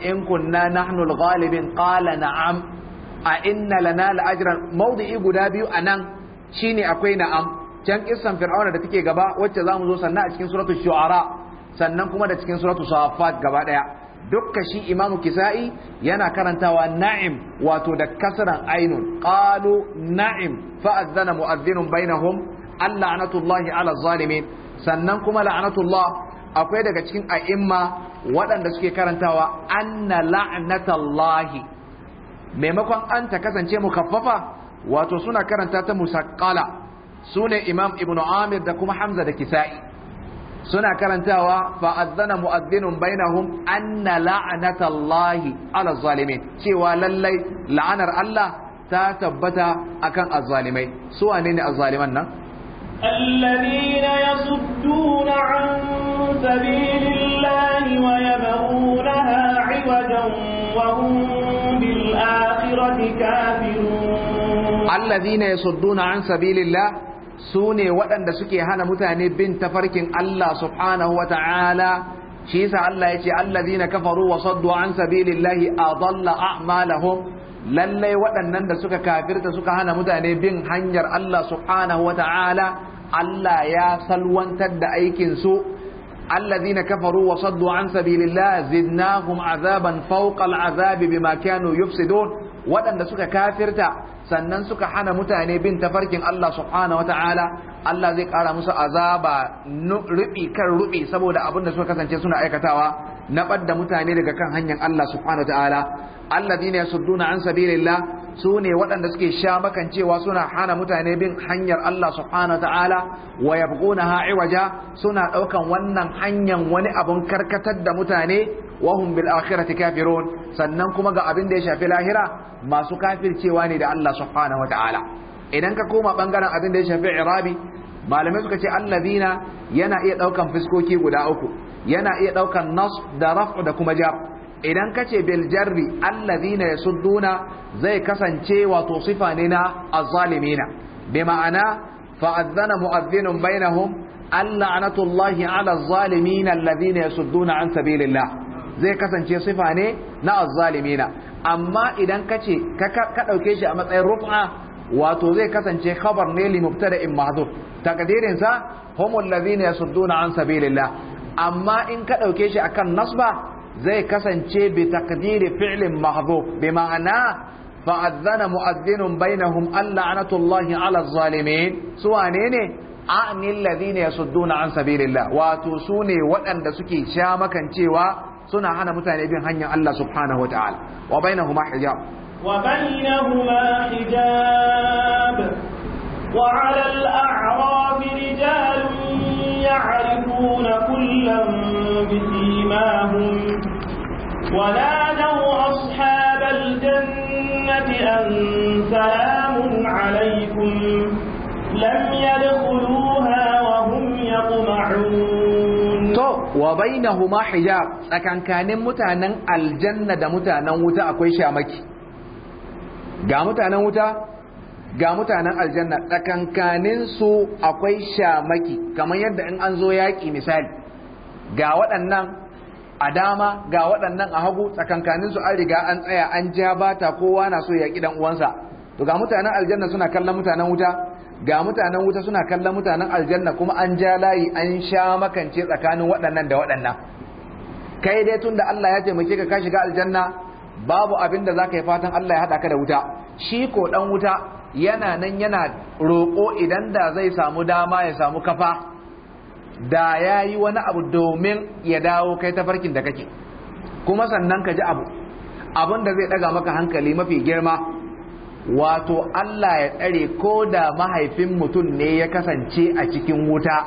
in kunna nahnu al-ghalibin qala na'am a inna lana la mawdi'i guda biyu a nan shine akwai na'am can kissan fir'auna da take gaba wacce zamu zo sannan a cikin suratul shu'ara sannan kuma da cikin suratul safat gaba daya dukka shi imamu kisa'i yana karantawa na'im wato da kasran ainun qalu na'im fa azana mu'adhdhinun bainahum Allah anatullahi ala zalimin sannan kuma la'anatullah akwai daga cikin a'imma waɗanda suke karantawa anna la'natallahi maimakon an ta kasance mukaffafa wato suna karanta ta musaqqala sune imam ibnu amir da kuma hamza da kisa'i suna karantawa fa azzana mu'adhdhinun bainahum anna la'natallahi ala zalimin cewa lallai la'anar Allah ta tabbata akan azzalimai su wane ne azzaliman nan الذين يصدون عن سبيل الله ويبغونها عوجا وهم بالآخرة كافرون الذين يصدون عن سبيل الله ne waɗanda suke hana mutane bin tafarkin Allah subhanahu wa ta'ala shi yasa Allah ya ce allazina kafaru wa saddu an sabilillahi adalla a'malahum lallai waɗannan da suka kafirta suka hana mutane bin hanyar Allah subhanahu wa ta'ala Allah ya salwantar da aikinsu allazina kafaru wa saddu an sabilillah zidnahum azaban fawqa al'azabi bima kanu yufsidun waɗanda suka kafirta sannan suka hana mutane bin tafarkin Allah subhanahu wata'ala Allah zai ƙara musu azaba rubi kan rubi saboda abin da suka kasance suna aikatawa na ɓadda mutane daga kan hanyar Allah subhanahu Allah ta'ala alladhina yasudduna an sabilillah su ne waɗanda suke sha cewa suna hana mutane bin hanyar Allah subhanahu wa ta'ala wa yabghunaha iwaja suna ɗaukan wannan hanyar wani abun karkatar da mutane wa hum bil akhirati kafirun sannan kuma ga abin da ya shafi lahira masu kafircewa ne da Allah subhanahu idan ka koma ɓangaren abin da ya shafi irabi malamai suka ce Allah alladhina yana iya ɗaukan fuskoki guda uku yana iya ɗaukan nas da raf'u da kuma jar idan ka ce bil jarri allazina yasudduna zai kasance wato sifa ne na azzalimina bi ma'ana fa'adhana mu'adhdhinun bainahum allanatullahi ala azzalimina allazina yasudduna an sabilillah zai kasance sifa ne na azzalimina amma idan ka ce ka ɗauke shi a matsayin rufa wato zai kasance khabar ne li in mahdhuf Takdirinsa, sa humul ladhina yasudduna an sabilillah amma in ka ɗauke shi a kan nasba zai kasance bi taqdiri fi'lin mahdhuf bi ma'ana fa'adhana mu'adhdhinun bainahum allanatullahi 'ala adh su wane ne a'ni alladhina yasudduna an sabilillah wato sune waɗanda suke sha makan cewa suna hana mutane bin hanyar Allah subhanahu wa ta'ala wa bainahuma hijab wa bainahuma hijab wa 'ala al-a'rab rijalun يعرفون كلا بسيماهم ونادوا أصحاب الجنة أن سلام عليكم لم يدخلوها وهم يطمعون to wa bainahuma hijab tsakankanin mutanen aljanna da mutanen wuta akwai shamaki ga mutanen wuta ga mutanen aljanna tsakankanin su akwai shamaki kamar yadda in an zo yaƙi misali ga waɗannan a dama ga waɗannan a hagu tsakankanin su an riga an tsaya an ja bata kowa na so yaƙi dan uwansa to ga mutanen aljanna suna kallon mutanen wuta ga mutanen wuta suna kallon mutanen aljanna kuma an ja layi an sha makance tsakanin waɗannan da waɗannan kai dai tunda Allah ya taimake ka ka shiga aljanna babu abin da zaka yi fatan Allah ya hada ka da wuta shi ko dan wuta yana nan yana roƙo idan da zai samu dama ya samu kafa da ya yi wani abu domin ya dawo kai tafarkin da kake kuma sannan ka ji abu abin da zai ɗaga maka hankali mafi girma wato Allah ya tsare ko da mahaifin mutum ne ya kasance a cikin wuta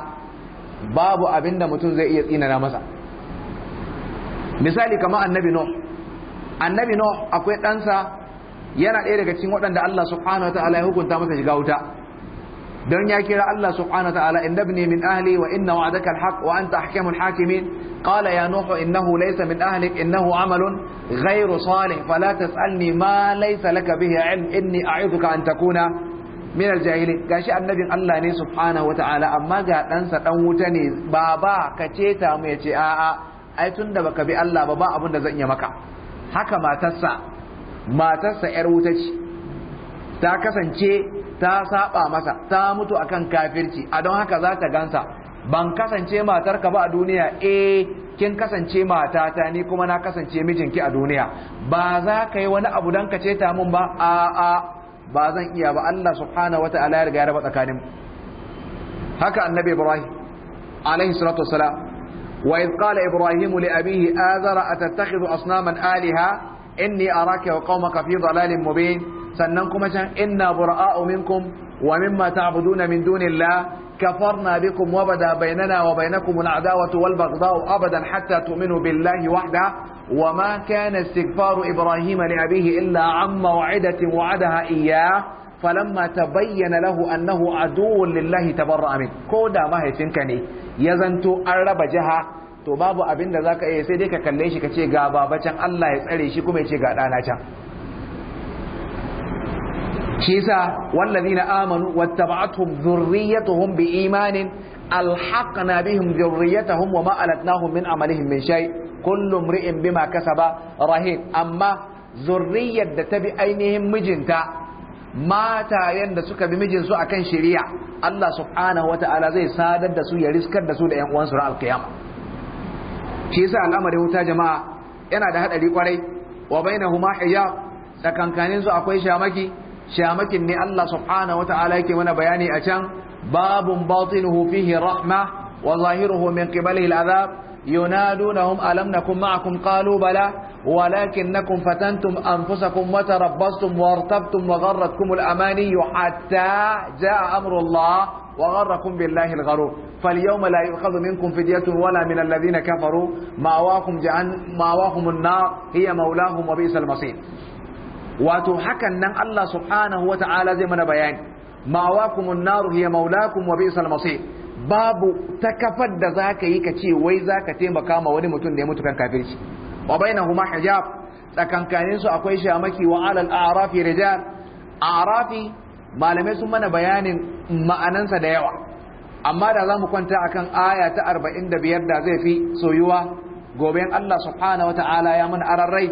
babu abin da mutum zai iya tsinana masa misali kamar annabi no annabi no akwai ɗansa yana ɗaya daga cikin waɗanda Allah subhanahu wa ta'ala ya hukunta masa shiga wuta don ya kira Allah subhanahu wa ta'ala min ahli wa inna wa'adaka alhaq wa anta ahkamul hakimin qala ya nuhu innahu laysa min ahlik innahu amalun ghayru salih fala tas'alni ma laysa laka bihi ilm inni a'idhuka an takuna min aljahilin gashi annabin Allah ne subhanahu wa ta'ala amma ga ɗansa ɗan wuta ne baba ka ce ta mu ya ce a'a ai tunda baka bi Allah ba ba abin da zan iya maka haka matarsa matarsa yar wuta ce ta kasance ta saba masa ta mutu akan kafirci a don haka za ta gansa ban kasance matarka ba a duniya eh kin kasance matata ni kuma na kasance mijinki a duniya ba za ka yi wani abu don ka ce ta mun ba a a ba zan iya ba Allah subhanahu wata'ala ya ya raba tsakanin haka annabi Ibrahim alaihi salatu wassalam wa idh qala Ibrahim li abihi azara atattakhidhu asnaman aliha inni araka wa qaumaka fi dalalin mubin sannan kuma can inna bura'u minkum wa mimma ta'buduna min dunillah كفرنا بكم وبدا بيننا وبينكم العداوة والبغضاء أبدا حتى تؤمنوا بالله وحده وما كان استغفار إبراهيم لأبيه إلا عن موعدة وعدها إياه فلما تبين له أنه عدو لله تبرأ منه كودا ما هي تنكني يزنتو أرب جهة to babu abin da za ka iya sai dai ka kalle shi ka ce ga baba can Allah ya tsare shi kuma ya ce ga ɗana can shi yasa wallazina amanu wattaba'atuhum dhurriyyatuhum biimanin alhaqna bihim dhurriyyatahum wama alatnahum min amalihim min shay bi ma bima ba, rahin amma zurriyar da ta bi ainihin mijinta matayen da suka bi mijinsu akan shari'a Allah subhanahu Ta'ala zai sadar da su ya riskar da su da 'yan uwansu ran alkiyama shi yasa al'amari wuta jama'a yana da haɗari kwarai wa bainahuma hiya tsakankanin su akwai shamaki shamakin ne Allah subhanahu wata'ala yake mana bayani a can babun batinuhu fihi rahma wa zahiruhu min qibali al'azab yunadunahum alam nakum ma'akum qalu bala walakinnakum fatantum anfusakum wa tarabbastum wa irtabtum wa gharratkum al-amani hatta ja'a a Allah وغركم بالله الغرور فاليوم لا يؤخذ منكم فدية ولا من الذين كفروا مأواهم جهنم مأواهم النار هي مولاهم وبئس المصير wato hakan nan Allah subhanahu wa ta'ala zai mana bayani ma'awakumun naru hiya maulakum wa babu ta kafar da zaka yi ka ce wai zaka taimaka ma wani mutum da ya mutu kan kafirci wa bainahuma hijab tsakankanin su akwai shamaki wa alal a'rafi rijal a'rafi malamai sun mana bayanin ma'anansa da yawa amma da za mu kwanta a kan aya ta arba'in da biyar da zai fi soyuwa gobe Allah subhanahu wa ta'ala ya mana ararrai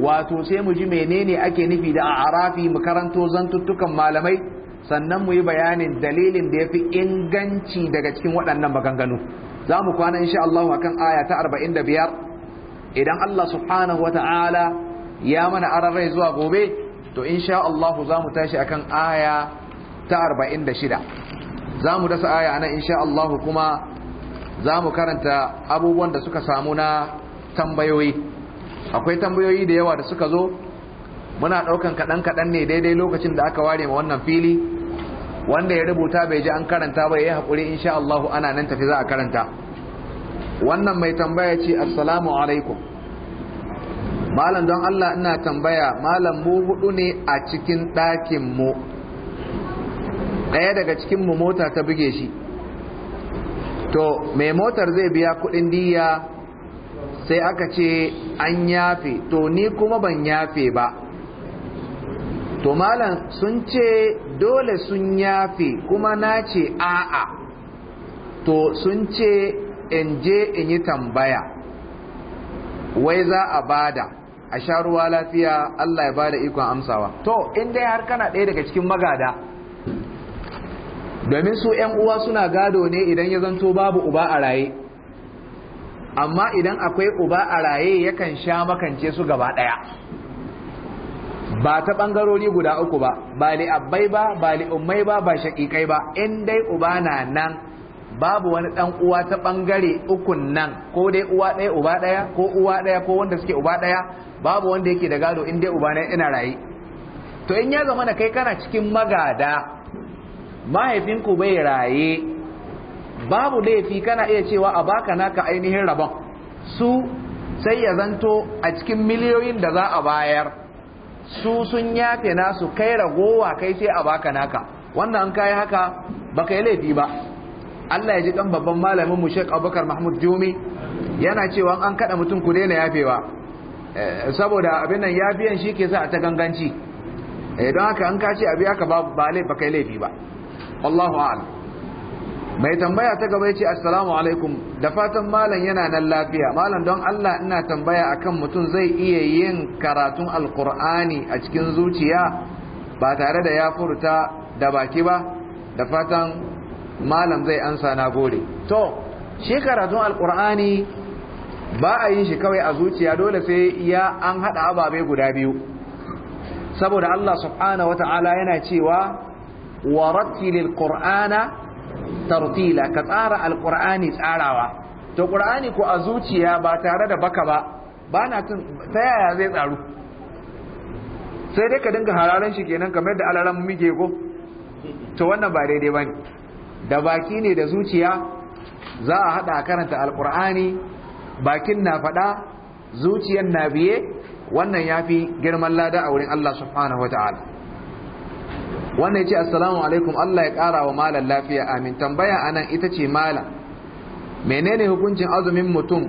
wato sai mu ji menene ake nufi da arafi mu karanto zantuttukan malamai sannan mu yi bayanin dalilin da ya fi inganci daga cikin waɗannan maganganu za mu kwana insha Allah akan aya ta arba'in da biyar idan Allah subhanahu wa ta'ala ya mana ararrai zuwa gobe to insha Allah za mu tashi akan aya ta arba'in 46 za mu dasa aya na insha Allah kuma za mu karanta abubuwan da suka samu na tambayoyi akwai tambayoyi da yawa da suka zo muna ɗaukan kaɗan-kaɗan ne daidai lokacin da aka ware ma wannan fili wanda ya rubuta bai ji an karanta ba ya yi haƙuri insha Allah ana nan tafi za a karanta wannan mai tambaya ce assalamu alaikum malam don Allah ina tambaya malam mu hudu ne a cikin ɗakin mu Daya daga cikin mu mota ta buge shi to mai motar zai biya kuɗin diya sai aka ce an yafe to ni kuma ban yafe ba to malam sun ce dole sun yafe kuma na ce a'a to sun ce in je in yi tambaya wai za a bada a sha ruwa lafiya Allah ya bada ikon amsawa to in dai har kana ɗaya daga cikin magada domin su ‘yan uwa suna gado ne idan ya zanto babu uba a raye amma idan akwai uba a raye yakan sha makance su gaba ɗaya ba ta ɓangarori guda uku ba ba li abbai ba ba li ummai ba ba shaƙiƙai ba in dai uba na nan babu wani ɗan uwa ta ɓangare ukun nan ko dai uwa ɗaya uba ɗaya ko uwa ɗaya ko wanda suke uba ɗaya babu wanda yake da gado in dai uba na ina raye to in ya zama na kai kana cikin magada mahaifinku bai raye babu laifi kana iya cewa a baka naka ainihin rabon su sai ya zanto a cikin miliyoyin da za a bayar su sun yafe nasu kai ragowa kai sai a baka naka wannan an kai haka baka yi laifi ba Allah ya ji kan babban malamin mu Sheikh Abubakar Mahmud Jumi yana cewa an kada mutum ku daina yafewa eh, saboda abin nan yafiyan shi ke sa a ta ganganci eh, don haka an kace abi aka ba ba ba kai laifi ba wallahu a'lam mai tambaya ta gaba yace assalamu alaikum da fatan malam yana nan lafiya malam don Allah ina tambaya akan mutum zai iya yin karatun alqur'ani a cikin zuciya ba tare da ya furta da baki ba da fatan malam zai ansa na gode to shi karatun alqur'ani ba a yin shi kawai a zuciya dole sai ya an hada ababe guda biyu saboda Allah subhanahu wataala yana cewa wa rattilil qur'ana tartila ka tsara alqur'ani tsarawa to qur'ani ko a zuciya ba tare da baka ba na tun ta yaya zai tsaru sai dai ka dinga hararan shi kenan kamar da alaran muke ko to wannan ba daidai bane da baki ne da zuciya za a hada karanta alqur'ani bakin na fada zuciyar na biye wannan yafi girman lada a wurin Allah subhanahu wataala wannan ya ce assalamu alaikum Allah ya ƙara wa malam lafiya amin tambaya anan ita ce malam menene hukuncin azumin mutum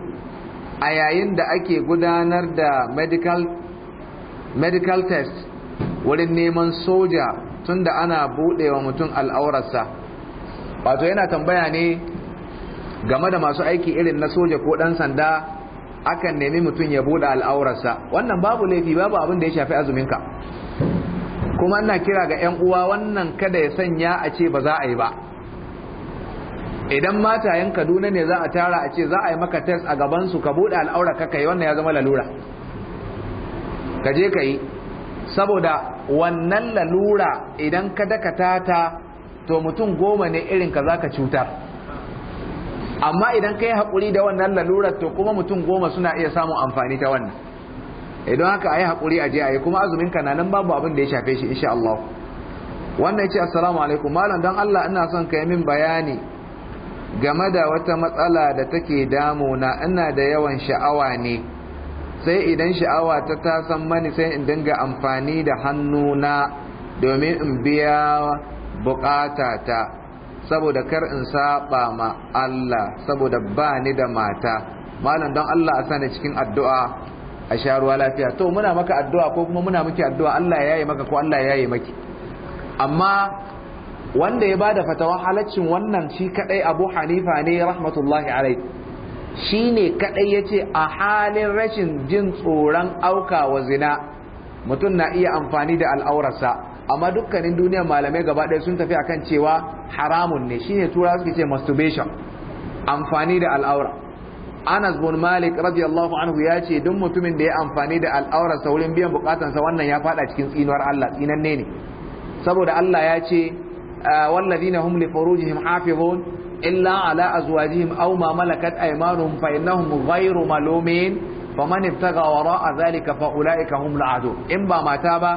a yayin da ake gudanar da medical, medical test wurin neman soja tunda ana budewa mutum al'aurarsa wato yana tambaya ne game da masu aiki irin na soja ko ɗan sanda akan nemi mutum ya buɗe al'aurarsa wannan babu laifi babu abin da ya shafi azuminka kuma ana kira ga 'yan uwa wannan kada ya sanya a ce ba za a yi ba idan matayen kaduna ne za a tara a ce za a yi maka test a gabansu ka buɗe al'aura ka kai wannan ya zama lalura ka je ka yi saboda wannan lalura idan ka dakata ta to mutum goma ne irin ka za ka cutar amma idan ka yi haƙuri da wannan lalurar to kuma mutum goma suna iya samun amfani ta wannan idan eh, haka ayi hakuri aje ayi kuma azumin ka nan babu abin da ya shafe shi insha Allah wannan yace assalamu alaikum malam dan Allah ina son kai min bayani game da wata matsala da take damu na ina da yawan sha'awa ne sai idan sha'awa ta ta san mani sai in dinga amfani da hannu na domin in biya ta saboda kar in saba ma Allah saboda ba ni da mata malam don Allah a sani cikin addu'a a sharuwa lafiya to muna maka addu'a ko kuma muna miki addu'a Allah ya maka ko Allah ya maki amma wanda ya bada fatawa halaccin wannan shi kadai Abu Hanifa ne rahmatullahi alaihi shine kadai yace a halin rashin jin tsoron auka wa zina mutum na iya amfani da al'aurarsa amma dukkanin duniyar malamai gaba ɗaya sun tafi akan cewa haramun ne shine tura suke ce masturbation amfani da al'aura Anas bin Malik radiyallahu anhu ya ce duk mutumin da ya amfani da al'aurar sa wurin biyan bukatansa wannan ya fada cikin tsinuwar Allah tsinanne ne saboda Allah ya ce ah, wallazina hum li furujihim hafizun illa ala azwajihim aw ma malakat aymanuhum fa innahum ghayru malumin faman ibtaga wara'a zalika fa ulaika hum al'adu in ba mata ba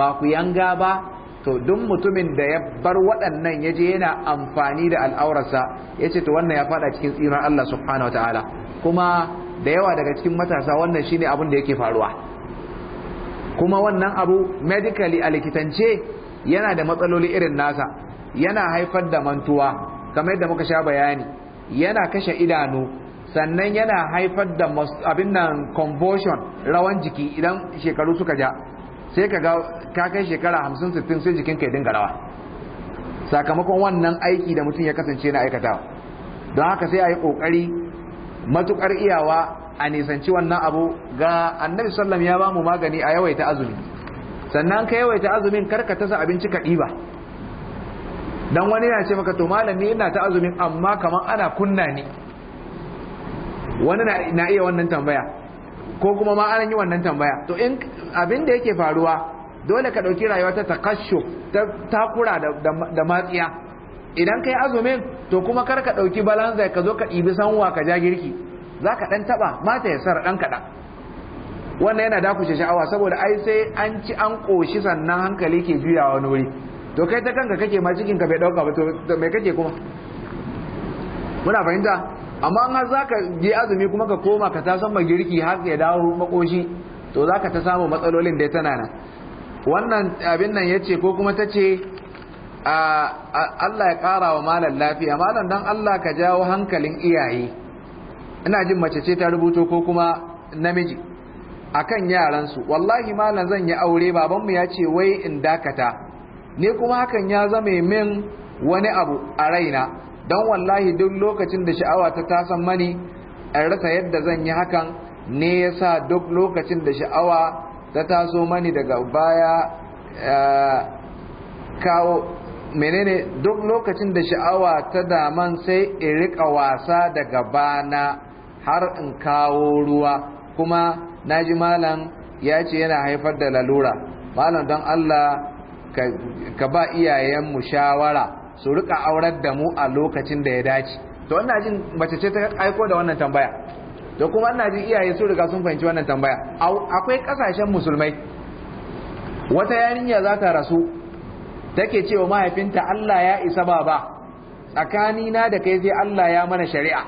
ba ku yanga ba to duk mutumin da ya bar waɗannan ya je yana amfani da al'aurarsa ya ce to wannan ya faɗa cikin tsirar Allah subhanahu wa ta'ala kuma da yawa daga cikin matasa wannan shine abin da yake faruwa kuma wannan abu medically a likitance yana da matsaloli irin nasa yana haifar da mantuwa kamar yadda muka sha bayani yana kashe idanu sannan yana haifar da abin nan convulsion rawan jiki idan shekaru suka ja sai ka ga ka kai shekara hamsin sittin sai jikin ka ya dinga rawa sakamakon wannan aiki da mutum ya kasance na aikatawa don haka sai a yi ƙoƙari matuƙar iyawa a nisanci wannan abu ga annabi sallam ya ba mu magani a yawaita azumi sannan ka yawaita azumin karka tasa abinci ka ɗiba don wani yana ce maka to malami ina ta azumin amma kamar ana kunna ni wani na iya wannan tambaya ko kuma ma an yi wannan tambaya to in abin da yake faruwa dole ka ɗauki rayuwa ta takashu ta takura da matsiya idan ka yi azumin to kuma kar ka ɗauki balanza ka zo ka ɗibi sanwa ka ja girki za ka ɗan taɓa mata ya sara ɗan kaɗan wannan yana dakushe sha'awa saboda ai sai an ci an ƙoshi sannan hankali ke juyawa wani wuri to kai ta kanka kake ma cikin ka bai ɗauka ba to me kake kuma muna fahimta amma in za ka je azumi kuma ka koma ka ta san magirki har ya dawo makoshi to za ka ta samu matsalolin da ya tana nan wannan abin nan ya ce ko kuma ta ce Allah ya kara wa malam lafiya malam dan Allah ka jawo hankalin iyaye ina jin mace ce ta rubuto ko kuma namiji akan yaransu wallahi malam zan yi aure babanmu ya ce wai in dakata ne kuma hakan ya zame min wani abu a raina don wallahi duk lokacin da sha'awa ta tasan mani in rasa yadda zan yi hakan ne ya sa duk lokacin da sha'awa ta taso mani daga baya eh, kawo menene duk lokacin da sha'awa ta daman sai in rika wasa daga bana har in kawo ruwa kuma na ji malam ya ce yana haifar da lalura malam don allah ka ba iyayenmu shawara su rika aurar da mu a lokacin da ya dace to ina jin mace ce ta aiko da wannan tambaya to kuma ina jin iyaye su riga sun fahimci wannan tambaya akwai kasashen musulmai wata yarinya za ta rasu take cewa mahaifinta Allah ya isa baba tsakani na da kai sai Allah ya mana shari'a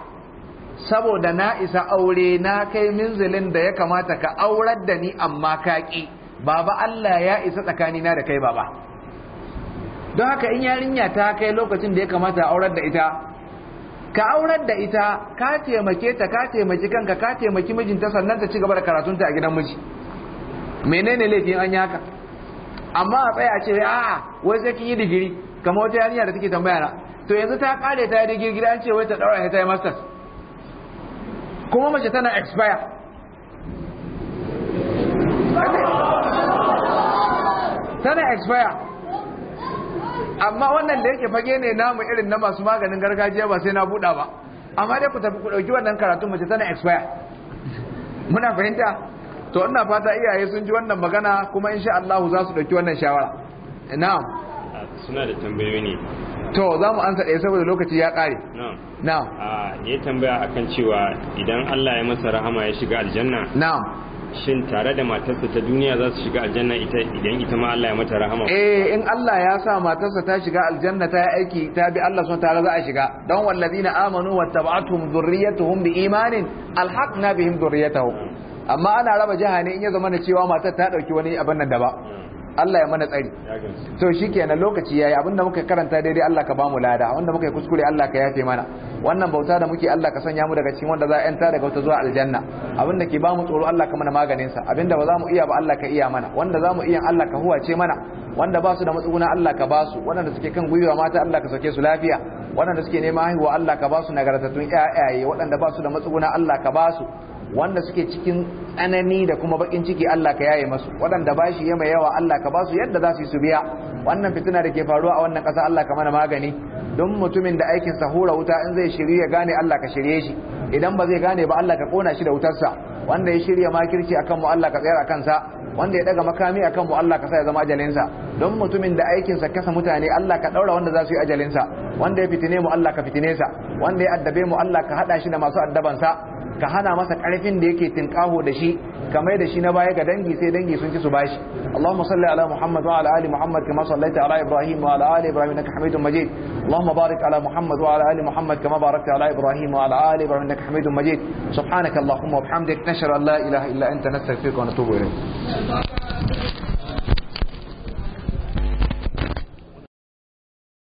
saboda na isa aure na kai minzilin da ya kamata ka aurar da ni amma ka ki baba Allah ya isa tsakani na da kai baba don haka in yarinya ta kai lokacin da ya kamata a aurar da ita ka aurar da ita ka taimake ta ka taimaki kanka ka taimaki mijinta sannan ta ci gaba da karatunta a gidan miji menene laifin an yi haka amma a tsaya a ce a'a wai sai kin yi digiri kamar wata yarinya da take tambaya na to yanzu ta kare ta yi digiri an ce wai ta daura ta yi masters kuma mace tana expire tana expire amma wannan da yake fage ne namu irin na masu maganin gargajiya ba sai na buɗa ba amma dai ku tafi ku ɗauki wannan karatun mace tana expire muna fahimta to ina fata iyaye sun ji wannan magana kuma insha Allah za su ɗauki wannan shawara na'am suna da tambayoyi ne to za mu ansa ɗaya saboda lokaci ya ƙare na'am ne ah, tambaya akan cewa idan Allah ya masa rahama ya shiga aljanna na'am shin tare da matarsa ta duniya za su shiga aljanna ita idan ita ma Allah ya mata rahama eh in Allah ya sa matarsa ta shiga aljanna ta aiki ta bi Allah subhanahu tare za a shiga don wallazina amanu wattaba'atuhum dhurriyyatuhum biimanin alhaqna bihim dhurriyyatahum amma ana raba jaha ne in ya zama na cewa matar ta dauki wani abin nan da ba Allah ya mana tsari to shi shikenan lokaci yayi abinda muka karanta daidai Allah ka bamu lada wanda muka kuskure Allah ka yafe mana wannan bauta da muke Allah ka sanya mu daga cikin wanda za a yanta daga wata zuwa aljanna abinda ke bamu tsoro Allah ka mana maganin sa abinda ba za mu iya ba Allah ka iya mana wanda za mu iya Allah ka huwace mana wanda ba su da matsuguna Allah ka ba su wanda suke kan gwiwa mata Allah ka sauke su lafiya wanda suke neman haihuwa Allah ka ba su nagartattun ƴaƴaye wanda ba su da matsuguna Allah ka ba su wanda suke cikin tsanani da kuma bakin ciki Allah ka yaye masu waɗanda shi shi mai yawa Allah ka su yadda za su yi su biya wannan fitina da ke faruwa a wannan ƙasa Allah ka mana magani don mutumin da aikin sa hura wuta in zai shirye ya gane Allah ka shirye shi idan ba zai gane ba Allah ka kona shi da wutarsa wanda ya shirya makirci akan mu Allah ka tsayar akan sa wanda ya daga makami akan mu Allah ka sa ya zama ajalinsa don mutumin da aikinsa kasa mutane Allah ka daura wanda za su yi ajalinsa wanda ya fitine mu Allah ka fitine sa wanda ya addabe mu Allah ka hada shi da masu sa ka hana masa karfin da yake tinkaho da shi kamar da shi na baya ga dangi sai dangi sun ci su bashi Allahumma salli ala Muhammad wa ala ali Muhammad kama sallaita ala Ibrahim wa ala ali Ibrahim innaka Hamidum Majid Allahumma barik ala Muhammad wa ala ali Muhammad kama barakta ala Ibrahim wa ala ali Ibrahim innaka Hamidum Majid subhanaka Allahumma wa bihamdik nashhadu an la ilaha illa anta nastaghfiruka wa natubu ilayk